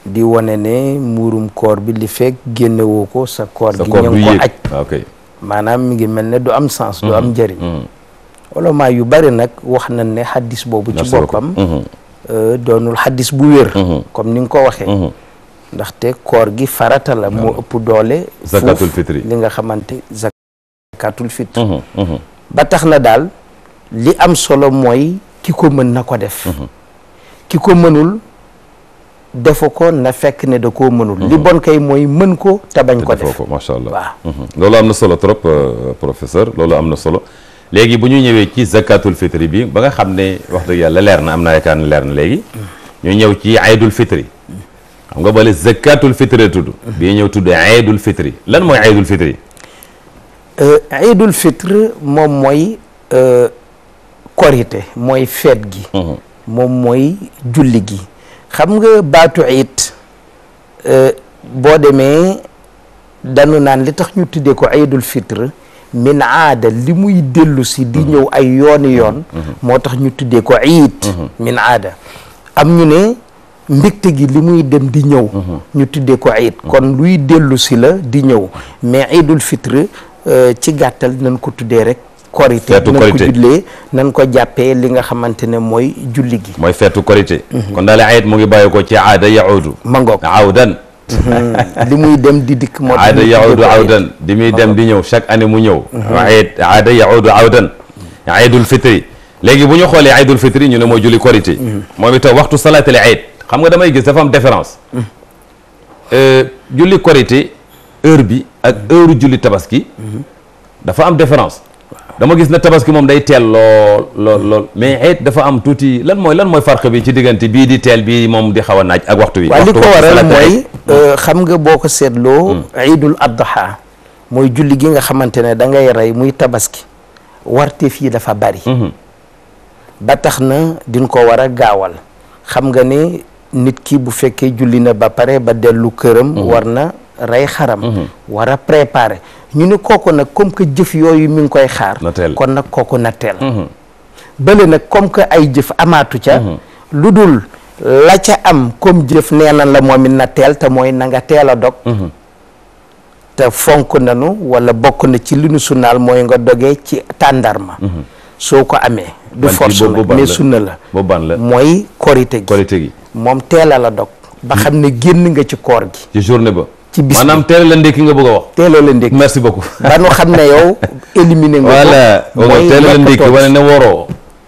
di wane ne muurum koor bi li fekk génnewoo ko sa koor gi ñangi ko aj ah, maanaam mu ngi mel ne du am sens du am njëriñ wala maa yu bari nag wax nañ ne xaddis boobu ci boppam euh, doonul xaddis bu wér comme ni nga ko waxee ndaxte koor gi farata la moo ëpp doole zakatul fitri li nga xamante zakatul fitri mhm, mhm. ba tax na daal li am solo mooy ki ko mën na ko def mhm. ki ko mënul defu ko na fekk ne da ko mënul li bon kay mooy mën ko te bañ ko def macha allah waaw loolu am na solo trop euh, professeur loolu am na solo léegi bu ñu ñëwee ci zakatul fitri bi ba nga xam ne wax dëgg yàlla leer na am naa yaakaar ne leer na léegi ñu ñëw ci aydul fitri xam nga bale zakatul fitri tudd bii ñëw tudd eidul fitri lan mooy eidul fitri euh, eidul moom mooy euh, korite mooy feet gi mooy julli gi xam nga baatu iid euh, boo demee danu naan li tax ñu tuddee ko eidul fitri min aada li muy dellu si di ñëw ay yooni yoon moo tax ñu tuddee ko iid min aada am ñu ne mbégte gi li muy dem di ñëw mhm. ñu tuddee ko iid kon luy dellusi la di ñëw mais iidul fitre euh, ci gàttal nan ko tuddee rek korité nañ ko nan nañ ko jàppee li nga xamante ne mooy julli gi mooy feetu korité mhm. kon daal iid mu ngi bàyyi ko ci aada yaudu mangoog awdan mhm. li muy dem di dikk moo aada yaudu awdan di muy dem di ñëw chaque année mu ñëw iid aada yaudu awdan iidul fitri léegi bu ñu xoolee iidul fitri ñu ne mooy julli korité moom itam waxtu salaatul iid xam nga damay gis dafa am différence euh, julli korité heure bi ak heure julli tabaski dafa am différence dama gis na tabaski moom day teel lool lool mais it dafa am tuuti lan mooy lan mooy farq bi ci diggante bii di teel bii moom di xaw naaj ak waxtu wi waaw li ko waral mooy euh, hmm. xam nga boo ko seetloo ay hmm. iidul adha mooy julli gi nga xamante ne da ngay rey muy tabaski warte fii dafa bari hmm. ba tax na din ko war a gaawal xam nga ni nit ki bu fekkee julli na ba pare ba dellu këram mhm. war na rey xaram mhm. war a préparer ñu ne kooku nag comme que jëf yooyu mu ngi koy xaar kon nag kooku na teel mhm. bële nag comme que ay jëf amaatu ca lu dul la ca am comme jëf nee na la moom it te mooy na nga teel a dog te nanu wala bokk na ci li nu mooy nga dogee ci tàndarma soo ko amee du force nag mais sunna la mooy korite gi moom teelal a la dog ba xam ne génn nga ci koor gi ci journée ba ci bis maanaam teel la ndékki nga bëgg a wax teel la ndékki merci beaucoup ba nu xam ne yow éliminé nga voilà mooy teel la wane ne woroo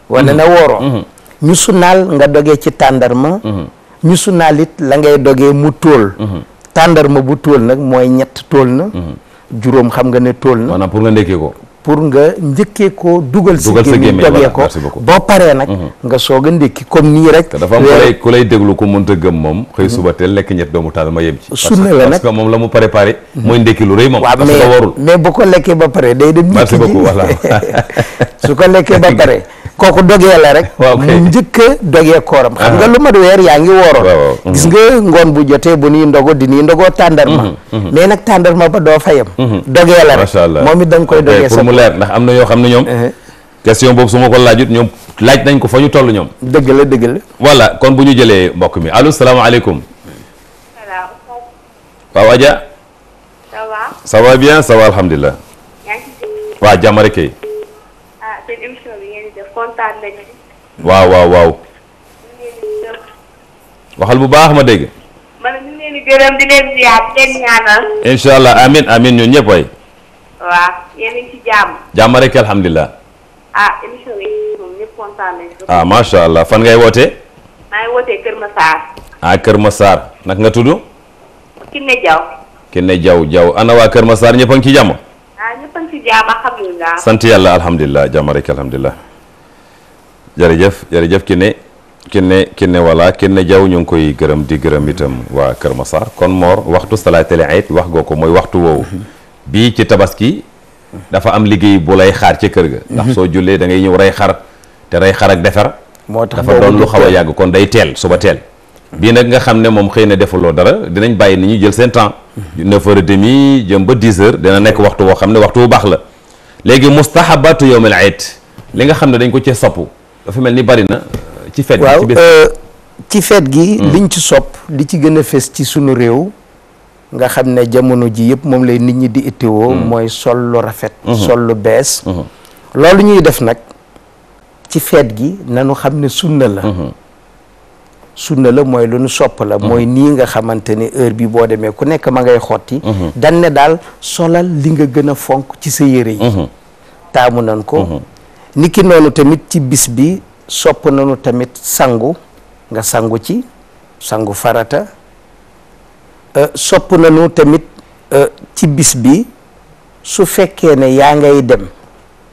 wane ne woroo mm-hmm. mm-hmm. ñu sunaal nga dogee ci tàndarma mm-hmm. ñu sunaal it la ngay dogee mu tóol tàndarma bu tóol nag mooy ñett tóol na juróom xam nga ne tóol na maanaam pour nga ndékkee ko pour nga njëkkee ko dugal si gémmiñ dogee ko boo paree nag mhm. nga soog a ndékki comme nii rek dafa am ku lay ku lay déglu ko mun gëm moom xëy mhm. suba te lekk ñett doomu taal ma yem ci sunna la nag moom la mu préparé mhm. mooy ndékki lu rëy moom waaw parce que warul mais bu ko lekkee ba pare day dem merci beaucoup voilà su ko lekkee ba pare kooku dogee la rek mu njëkk a dogee kooram xam nga ah. lu mat weer yaa ngi wooroon gis nga mm-hmm. ngoon bu jotee bu nuy ndogo di nuy ndogoo tàndarma mm-hmm, mm-hmm. mais nag tàndarma ba doo fayam dogee la rek moom it da koy dogee sa leer ndax na yoo xam ne ñoom uh-huh. question boobu su ma ko laajut ñoom laaj nañ ko fa ñu toll ñoom dëgg la dëgg la kon bu ñu jëlee mbokk mi allo salaamaaleykum waaw Adja ça va bien ça alhamdulilah waa jàmm rek kay ah, kontaan waaw waaw waxal bu baax ma dégg. man ñu leen di gërëm di leen ziar di ñaanal. incha amin amin ñun ñëpp waay. waaw yéen a ngi ci jàmm. jàmm rek alhamdulilah. ah, ah fan ngay woote maa ngi wootee Kër Massar. ah Kër Massar naka nga tudd. Kiné Diaw. Kiné Diaw Diaw ana waa Kër Massar ñëpp a ci jàmm. Ah, sant yàlla alhamdulilah jàmm rek alhamdulilah. jërëjëf jërëjëf ki ne ki ne ki ne voilà ki ne jaww ñu ngi koy gërëm di gërëm itam waa Kër Massar kon Mor waxtu salaatul iid wax goo ko mooy waxtu woowu bii ci tabaski dafa am liggéey bu lay xaar ci kër gi ndax soo jullee da ngay ñëw rey xar te rey xar ak defar moo tax dafa doon lu xaw a yàgg kon day teel suba teel bii nag nga xam ne moom xëy na defuloo dara dinañ bàyyi ni ñu jël seen temps neuf heures et demi jëm ba dix heures dina nekk waxtu woo xam ne waxtu bu baax la léegi mustahabatu yawmil iid li nga xam ne dañ ko ci sopp dafa mel ni bari na. ci fête waaw euh, ci fête gi. Hmm. liñ ci sopp li ci gën a fës ci sunu réew. nga xam ne jamono ji yëpp moom lay nit ñi di itteewoo. Hmm. mooy sol lu rafet. Hmm. sol lu bees. loolu ñuy def nag ci feet gi nanu xam ne sunna la. sunna la mooy lu nu sopp la mooy nii nga xamante ni heure bi boo demee ku nekk ma ngay xotti dan ne daal solal li nga gën a fonk ci sa yére yi taamu nan ko niki noonu tamit ci bis bi sopp nañu tamit sangu nga sangu ci sangu farata euh, sopp nañu tamit euh, ci bis bi su fekkee ne yaa ngay dem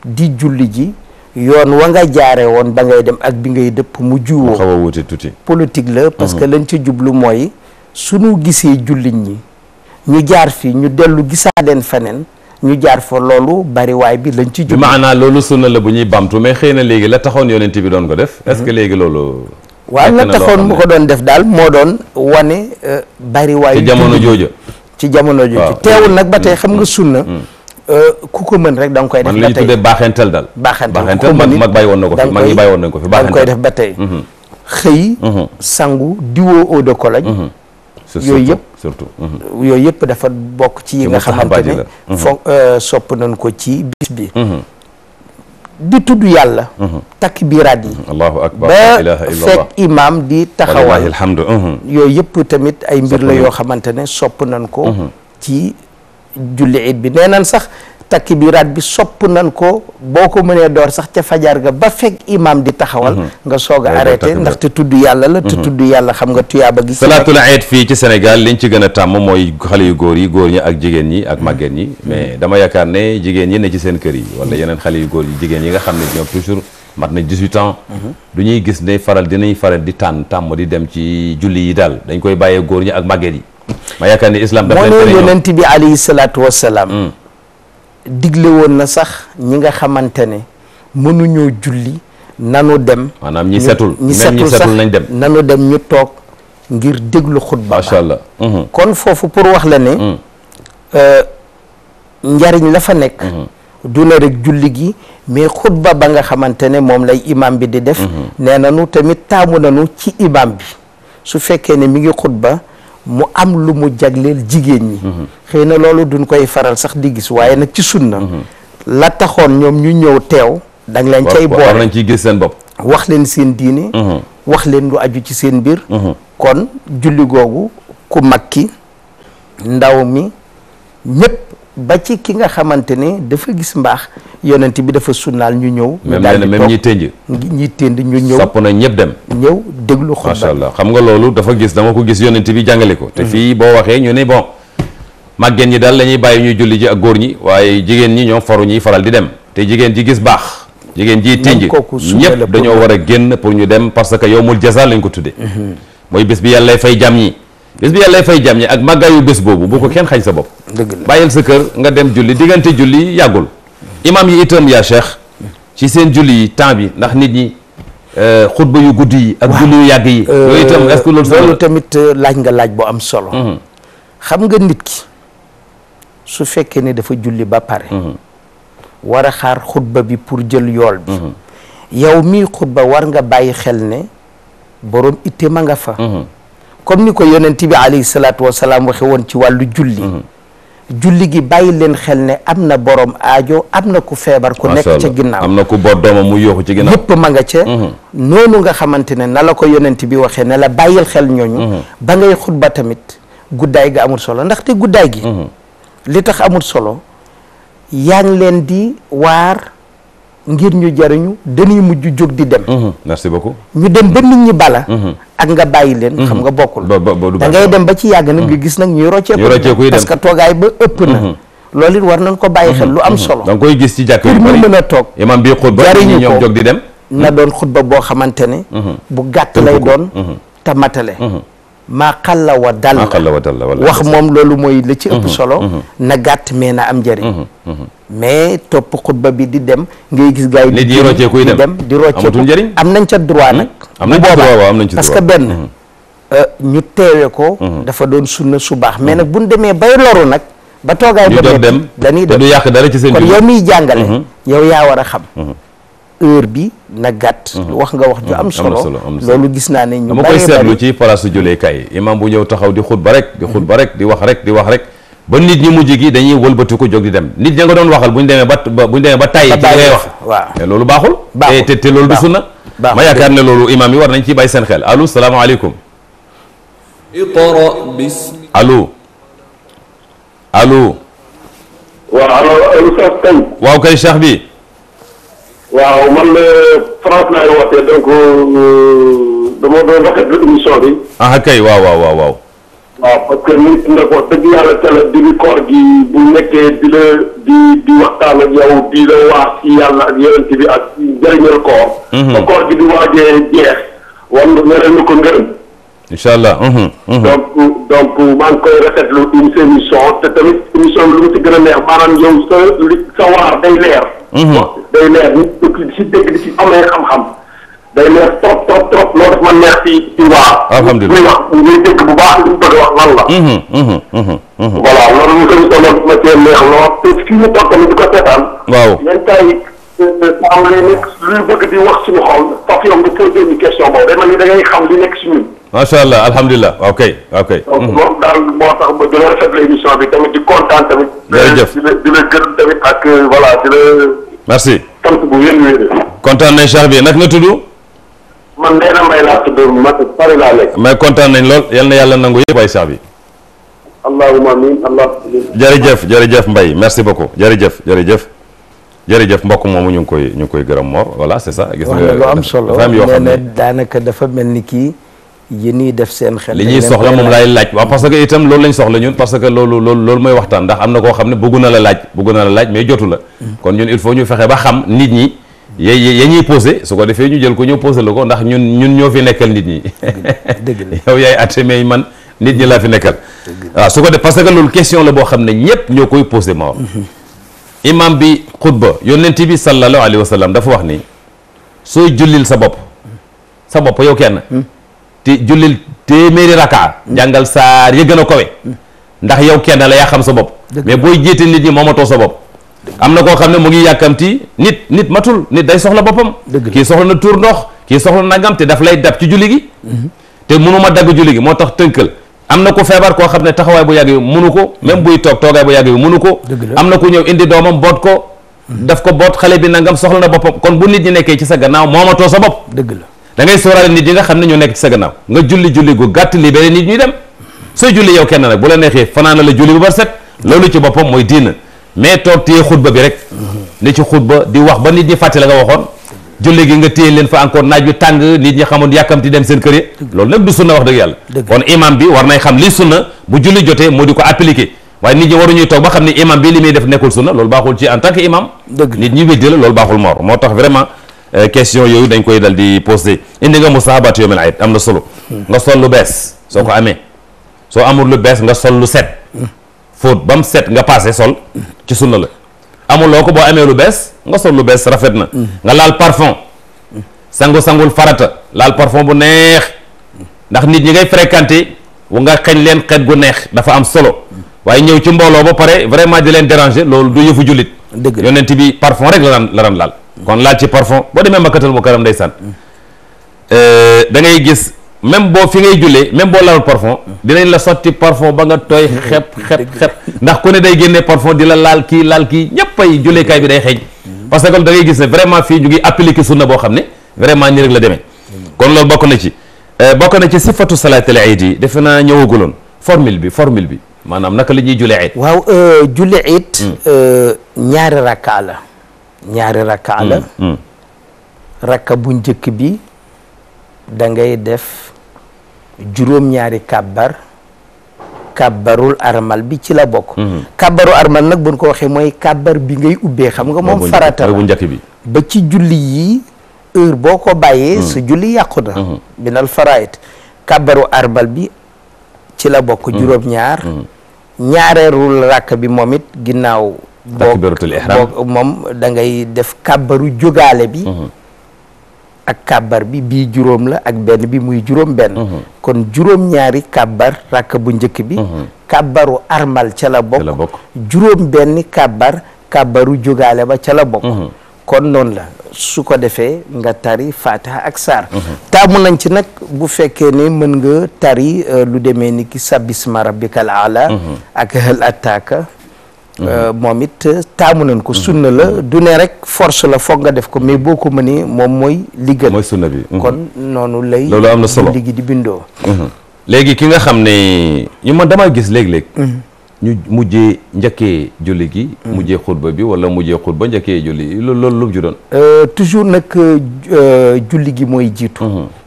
di julli ji yoon wa nga jaare woon ba ngay dem ak bi ngay dëpp mu juwoo xaw tuuti politique la parce que mhm. lañ ci jublu mooy suñu gisee jullit ñi ñu jaar fi ñu dellu gisaa leen feneen ñu jaar fa loolu bariwaay bi lañ ci jub maanaam loolu sunna la bu ñuy bamtu mais xëy na léegi la taxoon yonent bi doon ko def est-ce que mhm. léegi loolu waaw la taxoon mu ko doon def daal moo doon wane euh, bariwaay ci jamono jooju ci jamono jooju teewul nag ba tey xam nga mm. sunna mm. Euh, ku ko mën rek da nga koy def ba tey man li ñu tuddee baaxental daal baaxental mag mag bàyyi woon na ko fi mag ñi bàyyi woon ko fi da nga koy def ba tey mm-hmm. xëy mm-hmm. sangu diwoo eau de cologne mm-hmm. yooyu yëpp surtout euh, yooyu yëpp dafa bokk ci yi nga xamante ne foog mhm. euh, sopp nañ ko ci bis bi mhm. di tudd yàlla mhm. takbiraat yi allahu akbar ba fekk imam di taxawal alhamdu yooyu yëpp tamit ay mbir la yoo xamante ne sopp nañ ko ci julli it bi nee nan sax takki biiraat bi sopp nan ko boo ko mënee door sax ca fajar ga ba fekk imam di taxawal mhm. nga soog a arrêté te tudd yàlla la te mhm. tudd yàlla xam nga tuyaaba gi salaatul eid fii ci Sénégal liñ ci gën a tàmm mooy xale yu góor yi góor ñi ak jigéen ñi ak mhm. màgget ñi mais dama yaakaar ne jigéen ñi ne ci seen kër yi wala yeneen xale yu góor yi jigéen ñi nga xam ne ñoom toujours mat na 18 ans du ñuy gis ne faral dinañ faral di tànn tàmm di dem ci julli yi daal dañ koy bàyyee góor ñi ak magget yi ma yaakaar digle woon na sax ñi nga xamante ne mënuñoo julli nanu dem. maanaam ñi setul ñi setul sax nañ dem nanu dem ñu toog ngir déglu xutba. macha mhm. kon foofu pour wax la ne. Mhm. Euh, njariñ la fa nekk. Mhm. du na julli gi mais xutba ba nga xamante ne moom lay imaam bi di def. nee nanu tamit taamu nanu ci imam bi su fekkee ne mi ngi xutba mu am lu mu jagleel jigéen ñi mhm. xëy na loolu duñ koy faral sax di gis waaye nag ci sunna mhm. la taxoon ñoom ñu ñëw teew da nga leen cay boole nañ ciy gis seen bopp wax leen seen diine mhm. wax leen lu aju ci seen biir kon julli googu ku mag ki ndaw mi ñëpp ba ci ki nga xamante ne dafa gis mbaax yonent bi dafa sunnaal ñu ñëw. ñu daal di toog même ñi tënj. ñi tënd ñu ñëw sapp na ñëpp dem. ñëw déglu xutba macha allah xam nga loolu dafa gis dama ko gis yonent bi jàngale ko. te mm. fii boo waxee ñu ne bon màgget ñi daal la ñuy bàyyi ñuy julli ji ak góor ñi waaye jigéen ñi ñoom faru ñuy faral di dem te jigéen ji gis baax. jigéen ji tënj ñëpp dañoo war a génn pour ñu dem parce que yow yowmul jaza lañ ko tuddee. Mm-hmm. mooy bés bi yàlla fay jàmm ñi. bés bi yàlla fay jàmm ñi ak màggaayu bés boobu bu ko kenn xañ sa bopp. dëgg bàyyil sa kër nga dem julli diggante julli yàggul imam yi itam yaa cheikh ci seen julli yi temps ndax nit ñi euh, xutba yu guddi yi ak julli yu yàgg yi euh, yooyu tamit euh, laaj nga laaj bu am solo mm-hmm. xam nga nit ki su fekkee ne dafa julli ba pare mm-hmm. war a xaar xutba bi pour jël yool bi mm-hmm. yow mii xutba war nga bàyyi xel ne borom itte ma nga fa comme ni ko yonent bi alayhi salaatu wasalaam waxe woon ci wàllu julli julli gi bàyyi leen xel ne am na borom aajo am na ku feebar ku nekk ca ginnaaw am na ku boot doomam mu yooxu ci ginnaaw yëpp ma nga ca mhm. noonu nga xamante ne na la ko yonent bi waxee ne la bàyyil xel ñooñu mhm. ba ngay xutba tamit guddaay gi amul solo ndaxte guddaay gi mhm. li tax amul solo yaa ngi leen di waar ngir ñu jariñu dañuy mujj jóg di dem. Mhm. merci beaucoup. ñu dem ba nit ñi bala. Mhm. ak nga bàyyi leen. Mhm. xam nga bokkul da ngay dem ba ci yàgg nag nga gis nag ñuy rocceeku. ñuy rocceeku yi dem parce que toogaay ba ëpp na. loolu it war nañ ko bàyyi xel lu am solo. da nga koy gis ci jàkka yu bari pour mën a toog. imam bi xutba ñi ñoom jóg di dem. na doon ba boo xamante ne. bu gàtt lay doon te matale. maa xalla wa dalla maa wa wax moom loolu mooy la ci ëpp mhm, solo mhm, mhm. na gàtt mais na am njariñ mais topp xutba bi di dem ngay gis gars yi di dem di rocceeku njëriñ am nañ ca droit nag am nañ ca am nañ ca parce que benn euh, ñu teewe ko dafa doon sunna su baax mais nag bu buñ demee bay loru nag ba toogaay ba dem dañuy dem du yàq dara ci seen kon yow miy jàngale yow yaa war a xam heure bi na gàtt. Mhm. wax nga wax ju am mhm, solo loolu gis naa ne ñu. bari koy seetlu ci place su julleekaay yi imam bu ñëw taxaw di xutba rek di xutba rek di wax rek di wax rek ba nit ñi mujj ki dañuy wëlbati ko jóg di dem nit ña nga doon waxal bu ñu demee ba bu ñu demee ba tàyyi ci ngay wax waaw loolu baaxul. baaxul eh, te te loolu du sunna ma yaakaar ne loolu imam yi war nañ ci bàyyi seen xel allo salaamaaleykum. iqra bis. allo. allo. waaw allo. waaw kay cheikh bi. waaw man la France laay wootee donc euh, dama doon rafetlu émission bi. ah kay waaw waaw waaw waaw. parce que nit nga ko dëgg yàlla tala dibi koor gi bu nekkee di la di waxtaan ak yow di la wax ci yàlla ak yonent koor. Mhm. ba koor gi di waajee jeex wan nga ngërëm ko ngërëm. incha allah. Mhm, mhm. donc donc maa ngi koy rafetlu te tamit émission bi lu mu ci gën a neex maanaam yow sa sa waar day leer. Mhm. day neex ñu di si dégg di si amee xam-xam day neex trop trop trop loolu daf ma neex ci ci waa. alhamdulilah muy wax muy dégg bu baax li mu bëgg wax lan la. Mhm, mhm, voilà loolu ñu koy tolloon ma cee neex lool te fii ñu toog tamit di ko seetaan. waaw yenn saa di wax suñu xol faf yomb di poser une question boobu day mel ni da ngay xam li nekk si macha allah alhamdulilah waaw kay waaw kay. moom daal moo tax ba dina rafetlu émission bi tamit di kontaan tamit. jërëjëf di la di la gërëm ak euh, voilà di la. kontaan nañ Cheikh bi nag nga tudd. man Ndeye Mbaye laa laa lekk. mais kontaan nañ lool yal na yàlla nangu yëpp ay Cheikh bi. allahumma amiin allah. jërëjëf mbay Mbaye merci beaucoup jërëjëf jërëjëf. jërëjëf mbokk moomu ñu koy ñu koy gërëm Mor voilà c'est ça. gis nga dafa mel ni kii. yi ñuy def seen xel. li ñuy soxla moom laay laaj waa parce que itam loolu lañ soxla ñun parce que loolu loolu loolu mooy waxtaan ndax am na koo xam ne bëggu na la laaj bëggu na la jotu la. kon ñun il faut ñu fexe ba xam nit ñi. ya ya ñuy posé su ko defee ñu jël ko ñëw posé la ko ndax ñun ñun ñoo fi nekkal nit ñi. dëgg la yow yaay àtte mais man nit ñi laa fi nekkal. waaw su ko def parce que loolu question la boo xam ne ñëpp ñoo koy posé ma wax. Mhm. imam bi xutba yonent bi sallallahu alayhi wa sallam dafa wax ni sooy jullil sa bopp sa bopp te jullil téeméeri rakaa jàngal saar ya gën a kowe ndax yow kenn la yaa xam sa bopp mais booy jiite nit ñi moomatoo sa bopp am na koo xam ne mu ngi yàkkamti nit nit matul nit day soxla boppam kii soxla na tuur ndox kii soxla nangam te daf lay dab ci julli gi mhm. te munu ma dagg julli gi moo tax tënkal am na ko feebar koo xam ne taxawaay bu yàgg bi munu ko même buy toog toogaay bu yàgg bi munu ko am na ko ñëw indi doomam boot ko mhm. daf ko boot xale bi nangam sox na boppam kon bu nit ñi nekkee ci sa gannaaw moomatoo sa bopp dëgg da ngay sóoraale nit ñi nga xam ne ñoo nekk ci sa gannaaw nga julli julli gu gàtt li nit ñuy dem sooy julli yow kenn nag bu la neexee fanaan la julli bu bar set loolu ci boppam mooy diina mais toog téye xutba bi rek ni ci xutba wax ba nit ñi fàtte nga waxoon julli gi nga téye leen fa encore naaj bi tàng nit ñi xamoon yàkkamti dem seen kër yi loolu nag du sunna wax dëgg yàlla kon imam bi war nay xam li sunna bu julli jotee moo di ko appliquer waaye nit ñi waruñuy toog ba xam ne imam bi li muy def nekkul sunna loolu baaxul ci en tant que moo tax vraiment Euh, question yooyu dañ koy dal di posé indi nga mustahaabaat yawmil iid am na solo nga sol lu bees soo ko amee soo amul lu bees nga sol lu set fóot ba mu nga paase sol ci sunna la amuloo ko boo amee lu bees nga sol lu bees rafet na nga laal parfum sangu sangul farata laal parfum bu neex ndax nit ñi ngay fréquenté wu nga xeñ leen xet gu neex dafa am solo waaye ñëw ci mbooloo ba pare vraiment di leen déranger loolu du yëfu jullit dëgg yonent bi parfum rek la la daan laal kon laal ci parfum boo demee makkatal mu karam ndeysaan euh, da ngay gis même boo fi ngay jullee même boo laalul parfum dinañ la sotti parfum ba nga tooy xep xep ndax ku ne day génne parfum di la laal kii laal kii ñëpp ay julleekaay bi day xeeñ parce que da ngay gis ne vraiment fii ñu ngi appliqué sunna boo xam ne vraiment nii rek la demee kon loolu bokk na ci euh, bokk na ci sifatu salaatil iid yi defe naa loon formule bi formule bi maanaam naka la ñuy jullee iid waaw euh, jullee iid mm. ñaari rakka la ñaari rakka la mm, mm. rakka bu njëkk bi dangay def juróom-ñaari kàbbar kàbbarul armal bi ci la bokk mm. kàbbaru armal nag buñ ko waxee mooy kàbbar bi ngay ubbee xam nga moom farata bu njëkk bi ba ci julli yi heure boo ko bàyyee su julli yàqu na binal mm-hmm. faraid kàbbaru armal bi ci la bokk juróom-ñaar ñaareerul rakk bi moom it ginnaaw takbiratul ihram moom dangay def kàbbaru jógaale bi mm-hmm. ak kàbbar bi bii juróom la ak benn bi muy juróom benn mm-hmm. kon juróom ñaari kàbbar rakk bu njëkk bi mm-hmm. kàbbaru armal ca la bokk juróom benn kàbbar kàbbaru jógaale ba ca la bokk kon noonu la su ko defee nga tari fatiha ak saar taamu nañ ci nag bu fekkee ne mën nga tari euh, lu demee ni ki sabisma rabbikal ala ak hal attaka Euh, moom it euh, taamu nañ ko sunna la mhm. du rek force la foog nga def ko mais boo ko mënee moom mooy li gën mooy sunna bi mhm. kon noonu lay loolu am na solo ligi di bindoo mhm. léegi ki nga xam ne ñu ma damaa gis léeg-léeg ñu mujjee njëkkee julli gi mujjee xutba bi wala mujjee xutba njëkkee julli loolu loolu lu ju doon euh, toujours nag julli gi mooy jiitu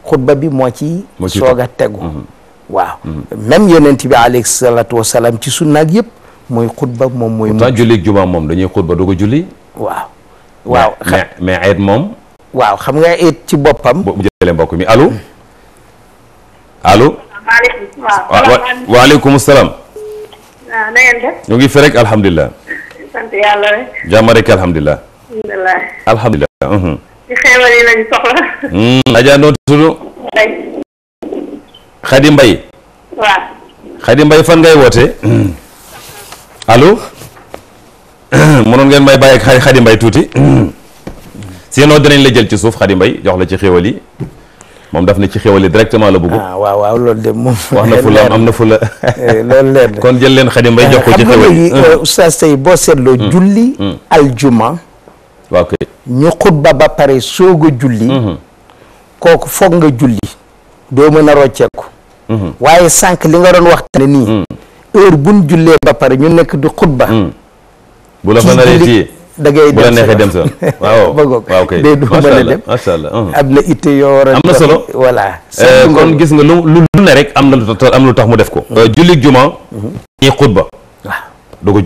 xutba bi moo ci soog a tegu waaw même yonent bi alayhi salaatu wasalaam ci sunnaag yëpp mooy xutba moom mooy. pourtant julli moom dañuy xutba du ko julli. waaw. waaw mais mais moom. waaw xam nga ayit ci boppam. bu jëlee mbokk mi allo allo. maaleykum ah, salaam waaleykum ah, ngi fi rek alhamdulilah. sant yàlla rek. alhamdulilah. alhamdulilah. Uh-huh. ci xéewal hmm, Xadi Mbay. waaw. Xadi Mbay fan ngay woote. Hmm. allo mënoon ngeen may bàyyi ak Xadi Mbay tuuti sinon dinañ la jël ci suuf Xadi Mbay jox la ci xéwal yi moom daf na ci xéwal yi directement la bëgg. Ah, waaw waaw loolu de moom. wax na fu la am na fu la. Eh, loolu kon jël leen Xadi Mbay jox ko ci xéwal yi xam nga léegi euh, oustaz tey boo seetloo. Mm. julli mm. Mm. aljuma. waaw kay ñu xutba ba pare soog a julli. Mm-hmm. kooku foog nga julli. doo mën a rocceeku. Mm-hmm. waaye sànq li nga doon waxtaane nii. heure buñ jullee ba pare ñu nekk di xutba hmm. bu la fa naree téye da ngay bu dem sa waaw bëggoog waaw kay du hmm. a dem macha allah am na solo eh, gis nga lu lu rek am na lu tax am lu tax mu def ko hmm. eh, julli juma ñi xutba waaw du ko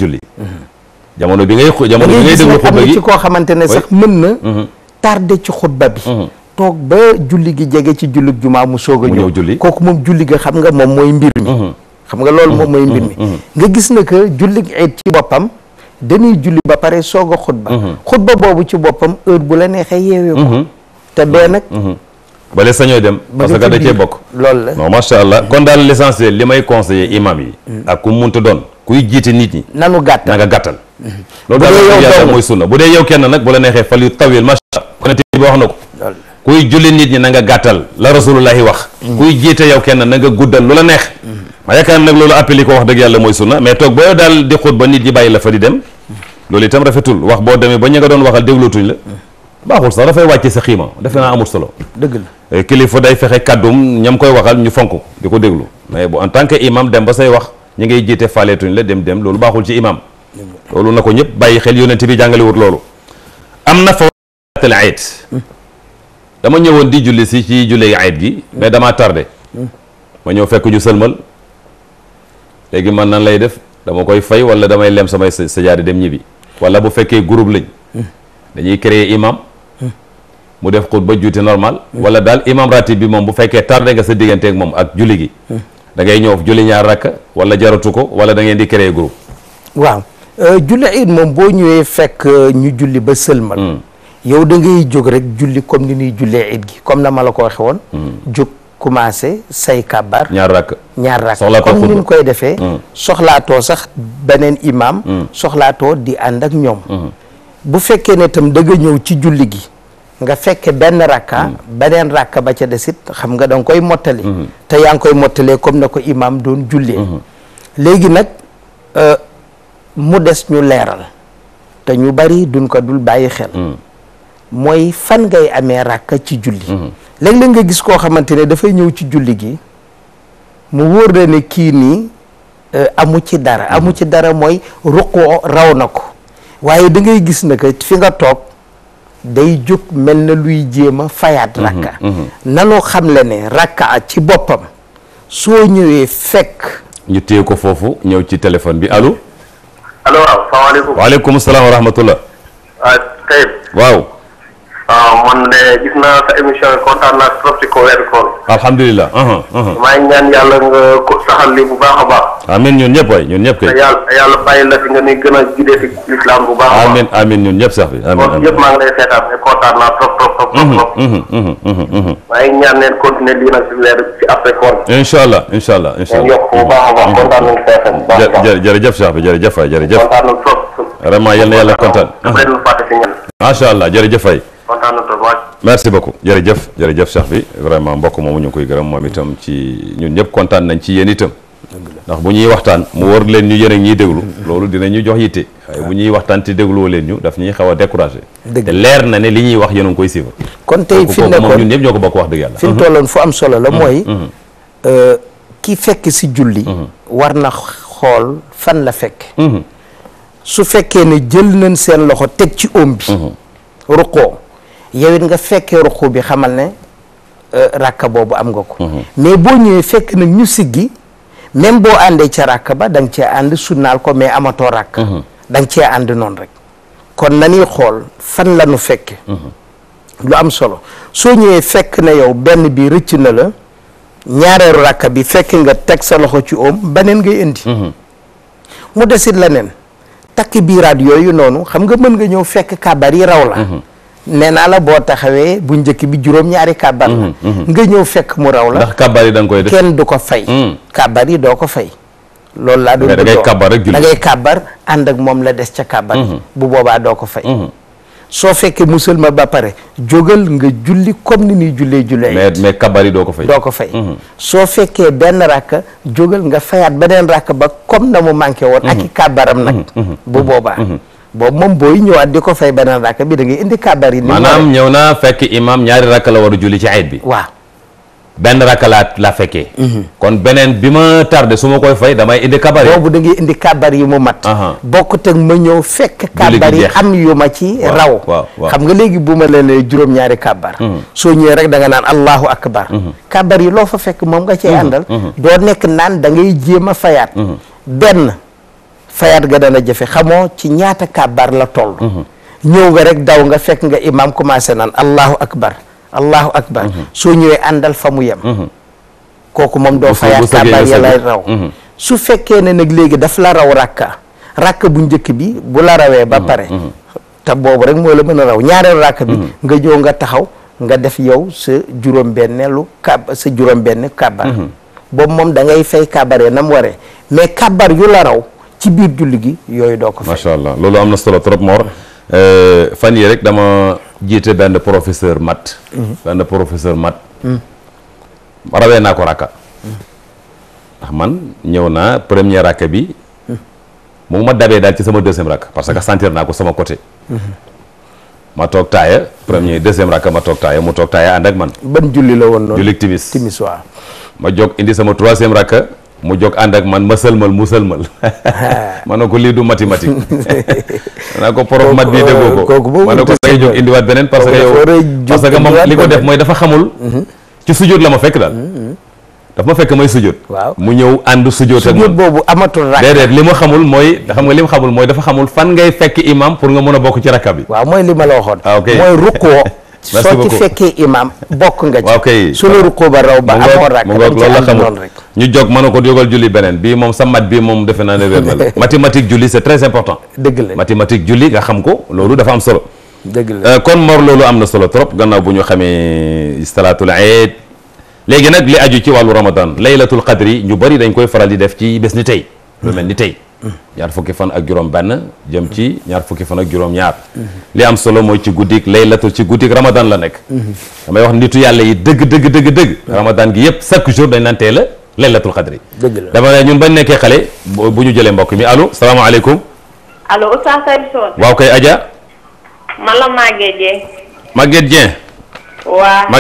bi ngay jamono koo xamante ne sax mën na tardé ci xutba bi toog ba julli gi jege ci julli juma mu soog a ñëw julli kooku moom julli ga xam nga moom mooy mbir mi xam nga loolu moom mooy mbir mi mm-hmm. nga gis na que julli iid ci boppam dañuy julli ba pare soog a xutba mm-hmm. xutba boobu ci boppam heure bu la neexee yeewee ko mm-hmm. te bee nag bale sañoo dem parce que da cee bokk loolu la non macha allah kon daal l'essentiel li may conseiller imam yi ak ku munta doon kuy jiite nit ñi nanu gàttal nga gàttal loolu daal mooy sunna bu dee yow kenn nag bu la neexee fal yu tawil macha allah xanaa bi wax na ko kuy julli nit ñi na nga gàttal la rasulullahi wax kuy jiite yow kenn na nga guddal lu la neex ma yaakaar nag loolu appel yi ko wax dëgg yàlla mooy sunna mais toog boo daal di xóot ba nit ñi bàyyi la fa di dem loolu itam rafetul wax boo demee ba ñu nga doon waxal déglootuñ la baaxul sax dafay wàcce sa xiima defe naa amul solo dëgg la eh, kilifa day fexe kàddum ñam koy waxal ñu fonk di ko déglu mais bu en tant que imam dem ba say wax ñu ngay jiite faaleetuñ la dem dem loolu baaxul ci imam loolu na ko ñëpp bàyyi xel yonent bi jàngalewut loolu am na fawatal ayit dama ñëwoon di julli si ci julli ayit gi mais damaa tardé mm. ma ñëw fekk ñu sëlmal léegi man nan lay def dama koy fay wala damay lem samay sajaada dem ñibbi wala bu fekkee groupe lañ dañuy créer imam mu def ba juuti normal wala daal imam ratib bi moom bu fekkee tardé nga sa diggante ak moom ak julli gi da ngay ñëw julli ñaar rakk wala jaratu ko wala da ngeen di créer groupe waaw euh, julli it moom boo ñëwee fekk euh, ñu julli ba sëlmal hmm. yow da jóg rek julli comme ni ñuy jullee it gi comme na ma la ko waxee woon hmm. jóg commencé say kàbbar ñaar rakk ñaar rakk comme ni ñu koy defee mm. soxlaatoo sax beneen imaam mm. soxlaatoo di ànd ak ñoom mm. bu fekkee ne tam da nga ñëw ci julli gi nga fekke benn rakka beneen rakka ba ca desit xam nga da koy mottali mm-hmm. te yaa ngi koy mottalee comme na ko imaam doon jullee mm-hmm. léegi nag euh, mu des ñu leeral te ñu bari duñ ko dul bàyyi xel mooy fan ngay amee rakka ci julli mm-hmm. léeg-léeg nga gis koo xamante ne dafay ñëw ci julli gi mu wóor la ne kii nii euh, amu ci dara amu ci dara mooy ruqoo raw na ko waaye da gis gis na fi nga toog day jóg mel na luy jéem a fayaat mhm, rakka mhm. nanu xam le ne rakka ci boppam soo ñëwee fekk ñu téye ko foofu ñëw ci téléphone bi allo allo waaw salaamaaleykum waaleykum ah, waaw waaw man de gis naa sa émission yi kontaan naa uh-huh, uh-huh. bu baax a baax. amiin ñun ñëpp waay ñun ñëpp kay. yàlla yàlla bàyyi la fi nga ni a bu baax a baax. amiin amiin ñun ñëpp sax bi maa ngi lay seetaan mais kontaan naa trop trop trop trop. Uh-huh, maa ngi allah incha allah bu baax a baax kontaan nañu seetaan a baax. jërëjëf sax bi jërëjëf waay trop. vraiment yal na yàlla kontaan. macha allah jërëjëf waay kontaan na trop merci beaucoup jërëjëf jërëjëf Cheikh bi vraiment mbokk moomu ñu ngi koy gërëm moom itam ci ñun ñëpp kontaan nañ ci yéen itam. ndax bu ñuy waxtaan mu war leen ñu yéen ak ñiy déglu loolu dina ñu jox yitte waaye bu ñuy waxtaan te dégluwoo leen ñu daf ñuy xaw a découragé te leer na ne li ñuy wax yéen ngi koy suivre kon tey fi nekkoon ñun ñëpp ñoo ko bokk wax dëgg yàlla fi mu tolloon fu am solo la mhm. mooy mhm. Euh, ki fekk si julli mhm. war na xool fan la fekk su fekkee ne jël nañ seen loxo teg ci oom bi ruqoo yow nga fekkee ruqu bi xamal ne euh, rakka boobu am nga ko mhm. mais boo ñëwee fekk nag ñu siggi même boo àndee ca rakk ba da nga cee ànd sunnaal ko mais amatoo ràkk mhm. da nga cee ànd noonu rek kon nañuy xool fan la ñu fekke mhm. lu am solo soo ñëwee fekk na yow benn bii rëcc na la ñaareelu rakka bi fekk nga teg sa loxo ci oom beneen ngay indi mu desit leneen takk bii biiraat yooyu noonu xam nga mën nga ñëw fekk kàbbar yi raw la nee naa la boo taxawee bu njëkk bi juróom-ñaari kàbbar la mhm, mhm. nga ñëw fekk mu raw la ndax kàbbar yi da koy def kenn du ko fay mhm. kàbbar yi doo ko fay loolu laa doon da ngay kàbbar rek da ngay kàbbar moom la des ca kàbbar bu boobaa doo ko fay soo fekkee musulma ba pare jógal nga julli comme ni ñuy jullee jullee mais ko fay doo ko fay soo fekkee benn rakk jógal nga fayaat beneen rakk ba comme na mu manqué woon ak i kabaram nag bu boobaa boobu moom booy ñëwaat di ko fay beneen rakk bi da ngay indi kàbbar yi. ni maanaam ñëw naa fekk imaam ñaari rakk la war a julli bi. waaw benn rakk laa la fekkee. Mhm. kon beneen bi ma tardé su ma koy fay damay indi kàbbar yi. da ngay indi kàbbar yi mu mat. bokkut ak ma ñëw fekk. kàbbar yi am yu ma ci raw. xam nga léegi bu ma leen juróom-ñaari kàbbar. Mhm. soo ñëwee rek da nga naan allahu akbar. Mhm. kàbbar yi loo fa fekk moom nga cee àndal. doo nekk naan da ngay jéem a fayaat. benn. fayaat nga dana jafe xamoo ci ñaata kàbbar la toll mhm. ñëw nga rek daw nga fekk nga imam commencé naan allahu akbar allahu akbar mhm. soo ñëwee àndal fa mu yem mhm. kooku moom doo fayaat kàbbar ya la raw su fekkee ne nag léegi daf la raw rakka rakka bu njëkk bi bu la rawee ba pare te boobu rek moo la mën a raw ñaareelu rakka bi nga jóg nga taxaw nga def yow sa juróom benneelu kab sa juróom benn kàbbar boobu moom da ngay fay kàbbar ya nam waree mais kàbbar yu la raw ci biir julli gi yooyu doo ko macha allah loolu am na solo trop Mor euh, fan yii rek dama jiite benn professeur mat mhm. benn professeur mat mhm. rawee naa ko rakka ndax man ñëw naa premier rakka bi mhm. mu ma dabee daal ci sama deuxième rakka parce que sentir naa ko sama côté ma toog taaya premier deuxième rakka ma toog taaya mu toog taaya ànd ak man ban julli la woon noonu julli timis timis ma jóg indi sama troisième rakka mu jóg ànd ak man ma sëlmal mu sëlmal ma ne ko lii du mathématique ma ne ko prof mat bii déggoo ko euh, ma ne ko say jóg indiwaat beneen parce que yow parce li ko def mooy dafa xamul mm-hmm. ci sujjóot la ma fekk daal mm-hmm. daf ma fekk may sujjóot waaw mu ñëw ànd sujjóot ak man boobu amatul rakk déedéet li ma xamul mooy xam nga li ma xamul mooy dafa xamul fan ngay fekk imam pour nga mën a bokk ci rakka bi waaw mooy li ma la waxoon ah, mooy soo ci fekkee imaam bokk nga ci. waaw kay sunu rukkoo ba raw ba amoo rakk. mu ngoog loolu la xamul ñu jóg mën ko yógal julli beneen bii moom sa mat bi moom defe naa ne wér na la mathématique julli c'est très important. dëgg la nga xam ko loolu dafa am solo. dëgg euh, kon Mor loolu am na solo trop gannaaw bu ñu xamee salaatul eid léegi nag li aju ci wàllu Ramadan laylatul qadri ñu bari dañ koy faral di def ci bés ni tey lu mel ni tey. ñaar fukki fan ak juróom benn jëm ci ñaar fukki fan ak juróom ñaar li am solo mooy ci guddik laylatul ci guddik ramadan la nekk damay wax nitu yàlla yi dëgg dëgg dëgg dëgg ramadan gi yëpp chaque jour dañ naan teel a laylatul xadri dama ne ñun bañ nekkee xale bu ñu jëlee mbokk mi alo salaamaaleykum allo Oustaz Samson waaw kay Adja man la Maguette Dieng Maguette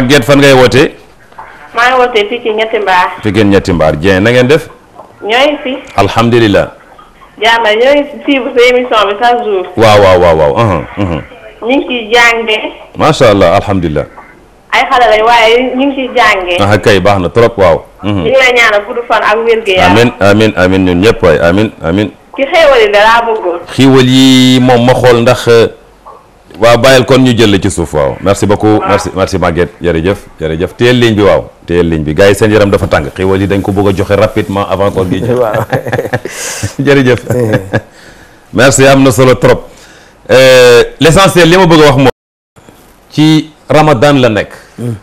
Dieng fan ngay wootee maa ngi fii ci ñetti mbaar fii ci def ñooy Diame ñoo ngi suivre sa émission bi chaque jour. waaw waaw waaw waaw. Uh-huh, uh-huh. ngi ciy jàngee. macha allah alhamdulilah. ay xale lañ waaye ñu ngi ciy kay baax na trop waaw. ñu uh-huh. ngi lay ñaanal gudd fan ak wér gu yaram. amiin amiin amiin ñun ñëpp waay amiin amiin. laa bëggoon. xéewal moom ma xool ndax. Euh, waaw bàyyil kon ñu jël ci suuf waaw merci beaucoup merci merci Maguette jërëjëf jërëjëf téyel ligne bi waaw téyel ligne bi gars yi seen yaram dafa tàng xéwal yi dañ ko bëgg joxe rapidement avant koor gi waaw merci am na solo trop euh, l'essentiel li ma bëgg a wax moom ci ramadan la nekk hmm.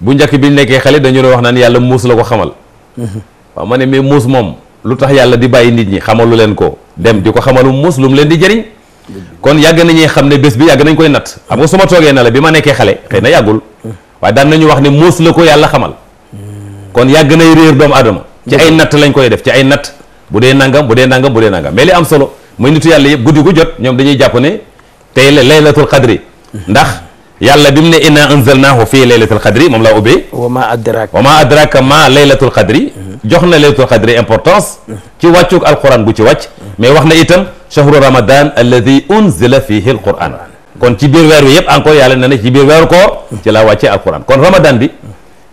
bu njëkk bi nekkee xale dañu doon wax naan yàlla muus la ko xamal hmm. waaw ma ne mais muus moom lu tax yàlla di bàyyi nit ñi xamalu leen ko dem di ko xamalu muus lu mu leen di jëriñ kon yàgg nañuy xam ne bés bi yàgg nañ koy natt xam nga su ma toogee na la bi ma nekkee xale xëy na yàggul waaye daan nañu wax ne muus la ko yàlla xamal kon yàgg nay réer doomu aadama ci ay natt lañ koy def ci ay natt bu dee nangam bu dee nangam bu dee nangam mais li am solo muy nitu yàlla yëpp guddi gu jot ñoom dañuy jàpp ne tey la laylatul qadri ndax yàlla bi mu ne inna anzalnaahu fii laylatul qadri moom laa ubbee wa ma adraka wa ma adraka ma laylatul qadri mm-hmm. jox na laylatul qadri importance ci wàccuk alquran ci wàcc mais wax na itam shahru ramadan alladi unzila fihi alquran kon ci biir weer yëpp encore yàlla na ne ci biir weeru koor ci laa wàccee alquran kon ramadan bi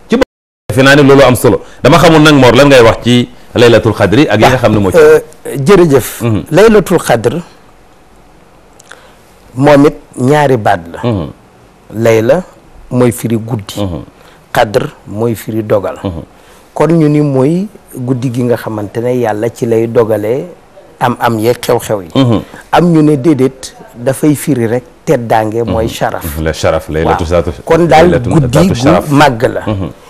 ci bo defe naa ne loolu am solo dama xamul nag Mor lan ngay wax ci laylatul xadri ak yi nga xam ne moo ci euh, jërëjëf mhm. laylatul xadr moom it ñaari baat la mhm. layla mooy firi guddi xadr mhm. mooy firi dogal kon ñu ni mooy guddi gi nga xamante ne yàlla ci lay dogalee am am yeeg xew-xew yi mhm. am ñu ne déedéet dafay firi rek teddaange mooy mhm. sharaf mhm, la sharaf lay kon daal guddi gu màgg la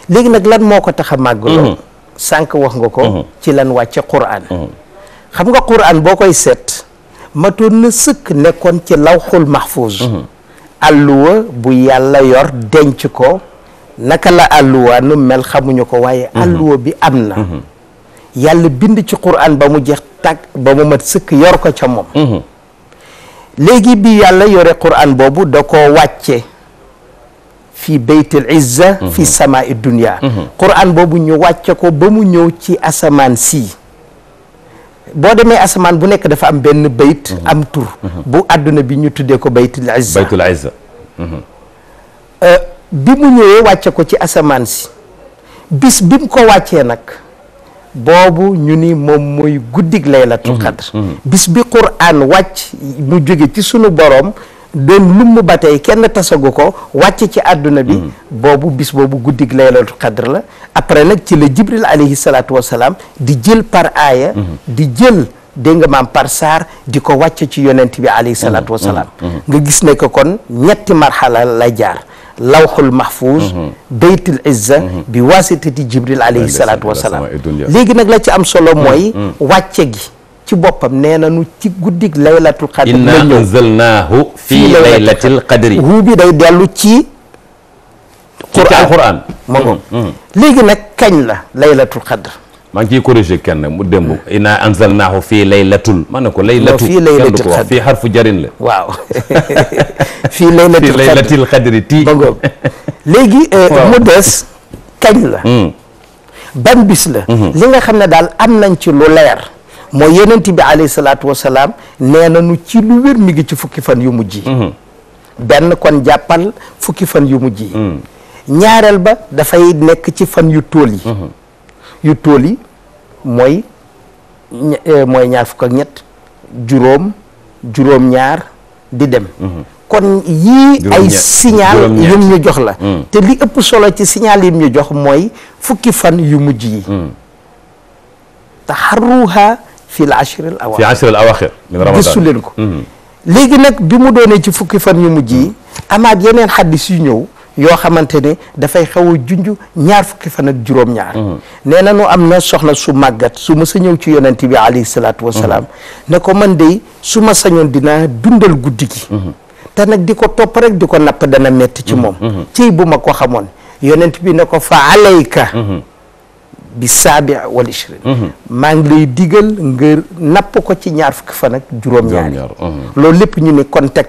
léegi nag lan moo ko tax a màgg lool sànq wax nga ko ci lan wàcce quraan xam nga quraan boo koy seet matoon na sëkk nekkoon ci lawxul mahfuz alluwa bu yàlla yor denc ko naka la alluwa nu mel xamuñu ko waaye alluwa bi am na yàlla bind ci quraan ba mu jeex tàgg ba mu mat sëkk yor ko ca moom mhm. léegi bi yàlla yore quran boobu da ko wàcce fi baytil izza mhm. fi sama i dunia mhm. quran boobu ñu wàcce ko ba mu ñëw ci asamaan si boo demee asamaan bu nekk dafa am benn bayt am tur bu àdduna bi ñu tuddee ko baytul izza baytul euh, bi mu ñëwee wàcce ko ci asamaan si bis bi mu ko wàccee nag boobu ñu ni moom mooy guddig laylatul mhm, qadr mhm. bis bi quraan wàcc mu jóge ci sunu boroom doon lumm ba tey kenn tasagu ko wàcc ci àdduna bi mhm. boobu bis boobu guddig laylatul qadr la après nag ci la jibril alayhi salaatu wasalaam di jël par aaya di jël dégg nga maam par saar di ko wàcc ci yonent bi alayhi salaatu wasalaam nga gis ne ko kon ñetti marxala lay jaar lawxul mahfuz mhm. baytul izza mhm. bi wasitati jibril alayhi salaatu wasalaam léegi nag la ci am solo mhm. mooy wàcce gi ci boppam nee na nu ci guddig laylatul qadr inna anzalnaahu fi laylatil qadri bi day dellu ci quraan nag kañ la laylatul qadr maa ngi ciy corrigé kenn mu démb inaa anzalnaahu fii laylatul ma ne ko laylatu fii laylatul xadri fii la waaw fii laylatul laylatil xadri tii ba ngoog léegi euh, mu des kañ la hmm. ban bis la hmm. li nga xam ne daal am nañ ci lu leer mooy yenent bi alayhi salaatu wasalaam nee nañu ci lu wér mi ngi ci fukki fan yu mujj yi hmm. benn kon jàppal fukki fan yu mujj yi ñaareel ba dafay nekk ci fan yu tóol yi yu tool yi mooy euh, mooy ñaar fukk ak ñett juróom juróom-ñaar di dem mhm. kon yii ay signal yum ñu jox la mhm. te li ëpp solo ci signal yum ñu jox mooy fukki fan yu mujj yi mhm. taxarruha fi l ashri al awaaxir fi ashri al awaaxir min ko léegi nag bi mu doonee ci fukki fan yu mujj yi amaat yeneen xaddis yu ñëw yoo xamante ne dafay xew a junj ñaar fukki fan ak juróom-ñaar mhm. nee na nu am na soxna su màggat su ma sa ñëw ci yonent bi alayhi salaatu wasalaam mhm. ne ko man de su ma sañoon dinaa dundal guddi gi mhm. te nag di ko topp rek di ko napp dana metti ci moom ciy bu ma ko xamoon yonent bi ne ko fa alayka bi saabi wal ishrin maa ngi lay digal nga napp ko ci ñaar fukki fan ak juróom-ñaar loolu lépp ñu ne kon la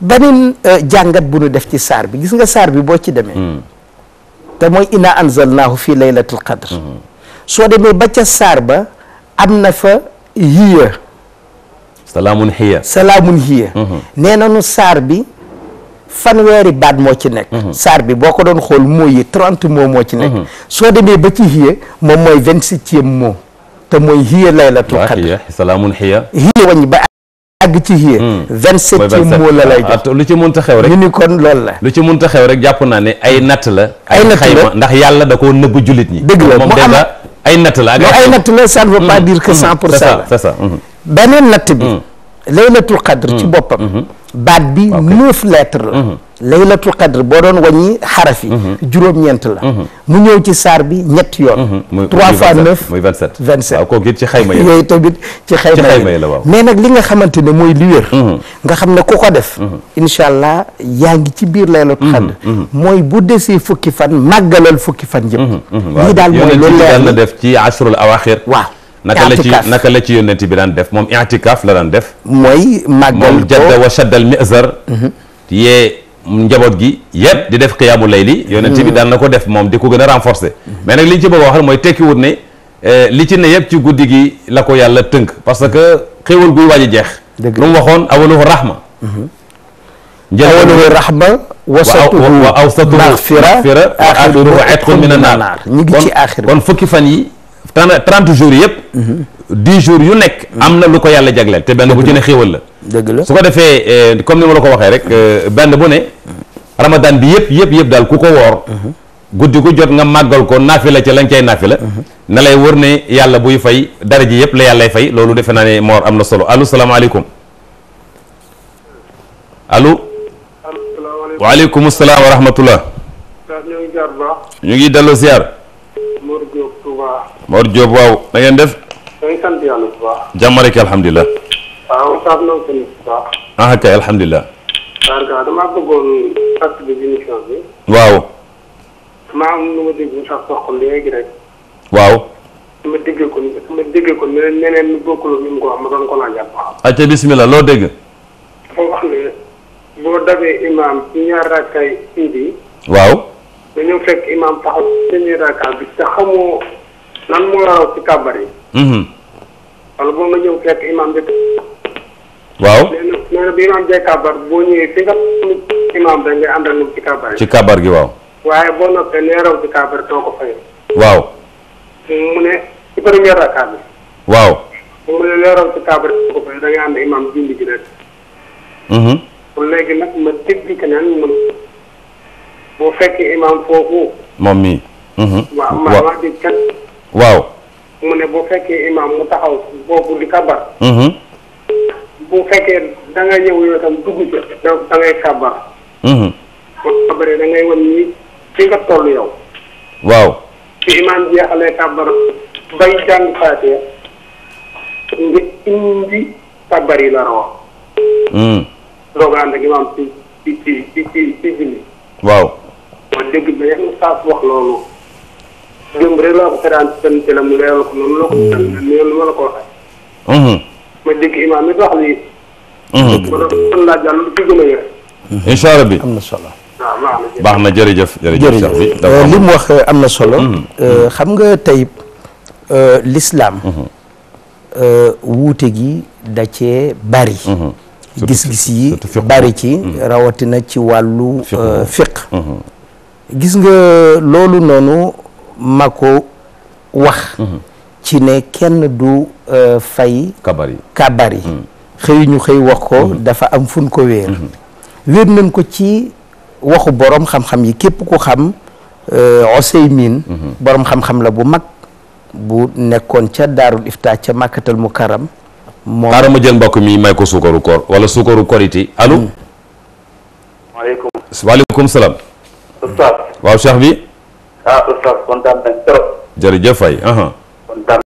beneen euh, jàngat bu nu def ci saar bi gis nga saar bi boo ci demee hmm. te mooy inna anzalnaahu fi laylatul qadr hmm. soo demee ba ca saar ba am na fa hiya salaamun hiya salaamun hiya hmm. nee nanu saar bi fanweeri baat moo ci nekk saar bi boo ko doon xool moo yi trente moo moo ci nekk soo demee ba ci hiya moom mooy vingt-septième moo te mooy hiya laylatul qadr salaamun hiya hiya wañ ba àgg ci yie hmm. vingt-sept mots la lay jox lu ci mënta xew rek ñu ni la lu ci mënta xew rek jàpp naa ne ay natt la ay xayma ndax yàlla da ko nëbb jullit ñi dëgg la moom dèjà ay natt la ak ay natt la ça ne veut pas hmm. dire que hmm. natt bi laylatul qadr ci boppam baat bi neuf lettres la mhm. laylatul qadr boo doon wàññi xaraf yi mhm. juróom-ñeent la mhm. mu ñëw ci saar bi ñett yoon trois fois neuf muy vingt sept vingt sept kooku it ci xayma yi yooyu tamit ci xayma yi la waaw mais nag li nga xamante ne mooy li wér nga xam ne ku ko def incha allah yaa ngi ci biir laylatul qadr mooy bu desee fukki fan màggalal fukki fan yëpp lii daal mooy loolu la def ci ashrul awaaxir waa naka la ci naka la ci yónnent bi daan def moom i'tikaaf la daan def mooy màggal moom jadda wa shaddal mizar mhm. yee njaboot gi yëpp di def xiyaamu layli yónnent bi mhm. daan na ko def moom di ko gën a renforcer mhm. mais nag li ñu ci a wax mooy tekkiwut ne eh, li ci ne yëpp ci guddi gi la ko yàlla tënk parce que xéewal guy waaj a jeex lu mu waxoon awaluhu rahma awaluhu rahma wasatuhu wa awsatuhu maxfira wa axiruhu itqun mina naar ñu ngi ci axir kon fukki fan yi trente jours yëpp dix jours yu nekk am na lu ko yàlla jagleel te benn bu jën ne xéewal la dëgg su ko defee eh, comme ni ma la ko waxee rek eh, benn bu ne ramadan bi yëpp yëpp yëpp daal ku ko woor guddi gu jot nga màggal ko la ca lañ cay naafila na lay wër ne yàlla buy fay dara ji yëpp la yàllay fay loolu defe naa ne moor am na solo allo salaamaaleykum allo waaleykum salaam wa rahmatullah ñu ngi delloo ziar Mor Diop waaw na ngeen def. maa ngi sant yàlla bu baax. jàmm rek alhamdulilah. waaw Saaf na ko bu baax. ah kay alhamdulilah. waaw damaa bëggoon fàttali émission bi. waaw. damaa am nu ma déglu sax wax ko léegi rek. waaw. ma déggee ko ma déggee ko ne neneen ñu bokkul ñu mu ko wax ma doon ko laajal. acca ah, bismillah loo dégg. dafa wax ne boo dabee imaam ci ñaar rakkay indi. waaw. dañoo fekk imaam taxaw ci premier rakka bi te xamoo. nan moo raw ci kàbbar yi. Mhm. wala boobu ñëw fekk imaam bi. waaw nee bi imaam jee kàbbar boo ñëwee fi nga imaam da ngay àndal ci kàbbar ci kàbbar gi waaw. waaye boo noppee nee raw ci kàbbar doo ko waaw. mu ne ci première rakaat bi. waaw. mu ne nee raw ci kàbbar doo ko fay da ngay ànd imaam julli ji rek. Mhm. kon léegi nag ma dégg keneen man boo fekkee imaam foofu. moom mii. Mhm. waaw maa maa dégg kenn. waaw. mu ne bu fekkee imaam mu taxaw boobu di kabar. bu fekkee da nga ñëw yow tam dugg ci da kabar. boo kabaree da ngay wan ni fi nga toll waaw. ci imaam jeexalee kabar bay kabar yi la raw. doog a ànd ak imaam ci ci ci ci ci ci julli. waaw. ma dégg ba yenn saas wax loolu. démb laa ko seetaan a mm-hmm. mm-hmm. mm-hmm. bi am na solo. baax na jërëjëf jërëjëf sax euh, wax euh, am na solo. Euh, xam nga tey lislaam wuute gi da cee bari. gis-gis yi bari ci rawatina ci wàllu fiq gis nga loolu noonu. ma ko wax ci ne kenn du euh, fay kabar yi kabar yi mm. xëy ñu xëy wax ko mm. dafa am fun ko wéer mm-hmm. wéer nañ ko ci waxu boroom xam-xam yi képp ku xam Useymin euh, mm-hmm. borom xam-xam la bu mag bu nekkoon ca daarul ifta ca màkkatal mu karam moom xaaral ma jël mbokk mi may ko suukaru koor wala suukaru yi allo. maaleykum. Mm. waaleykum salaam. waaw cheikh bi. ah oustaz kontaan nañ trop. jërëjëf Faye. Uh-huh. kontaan.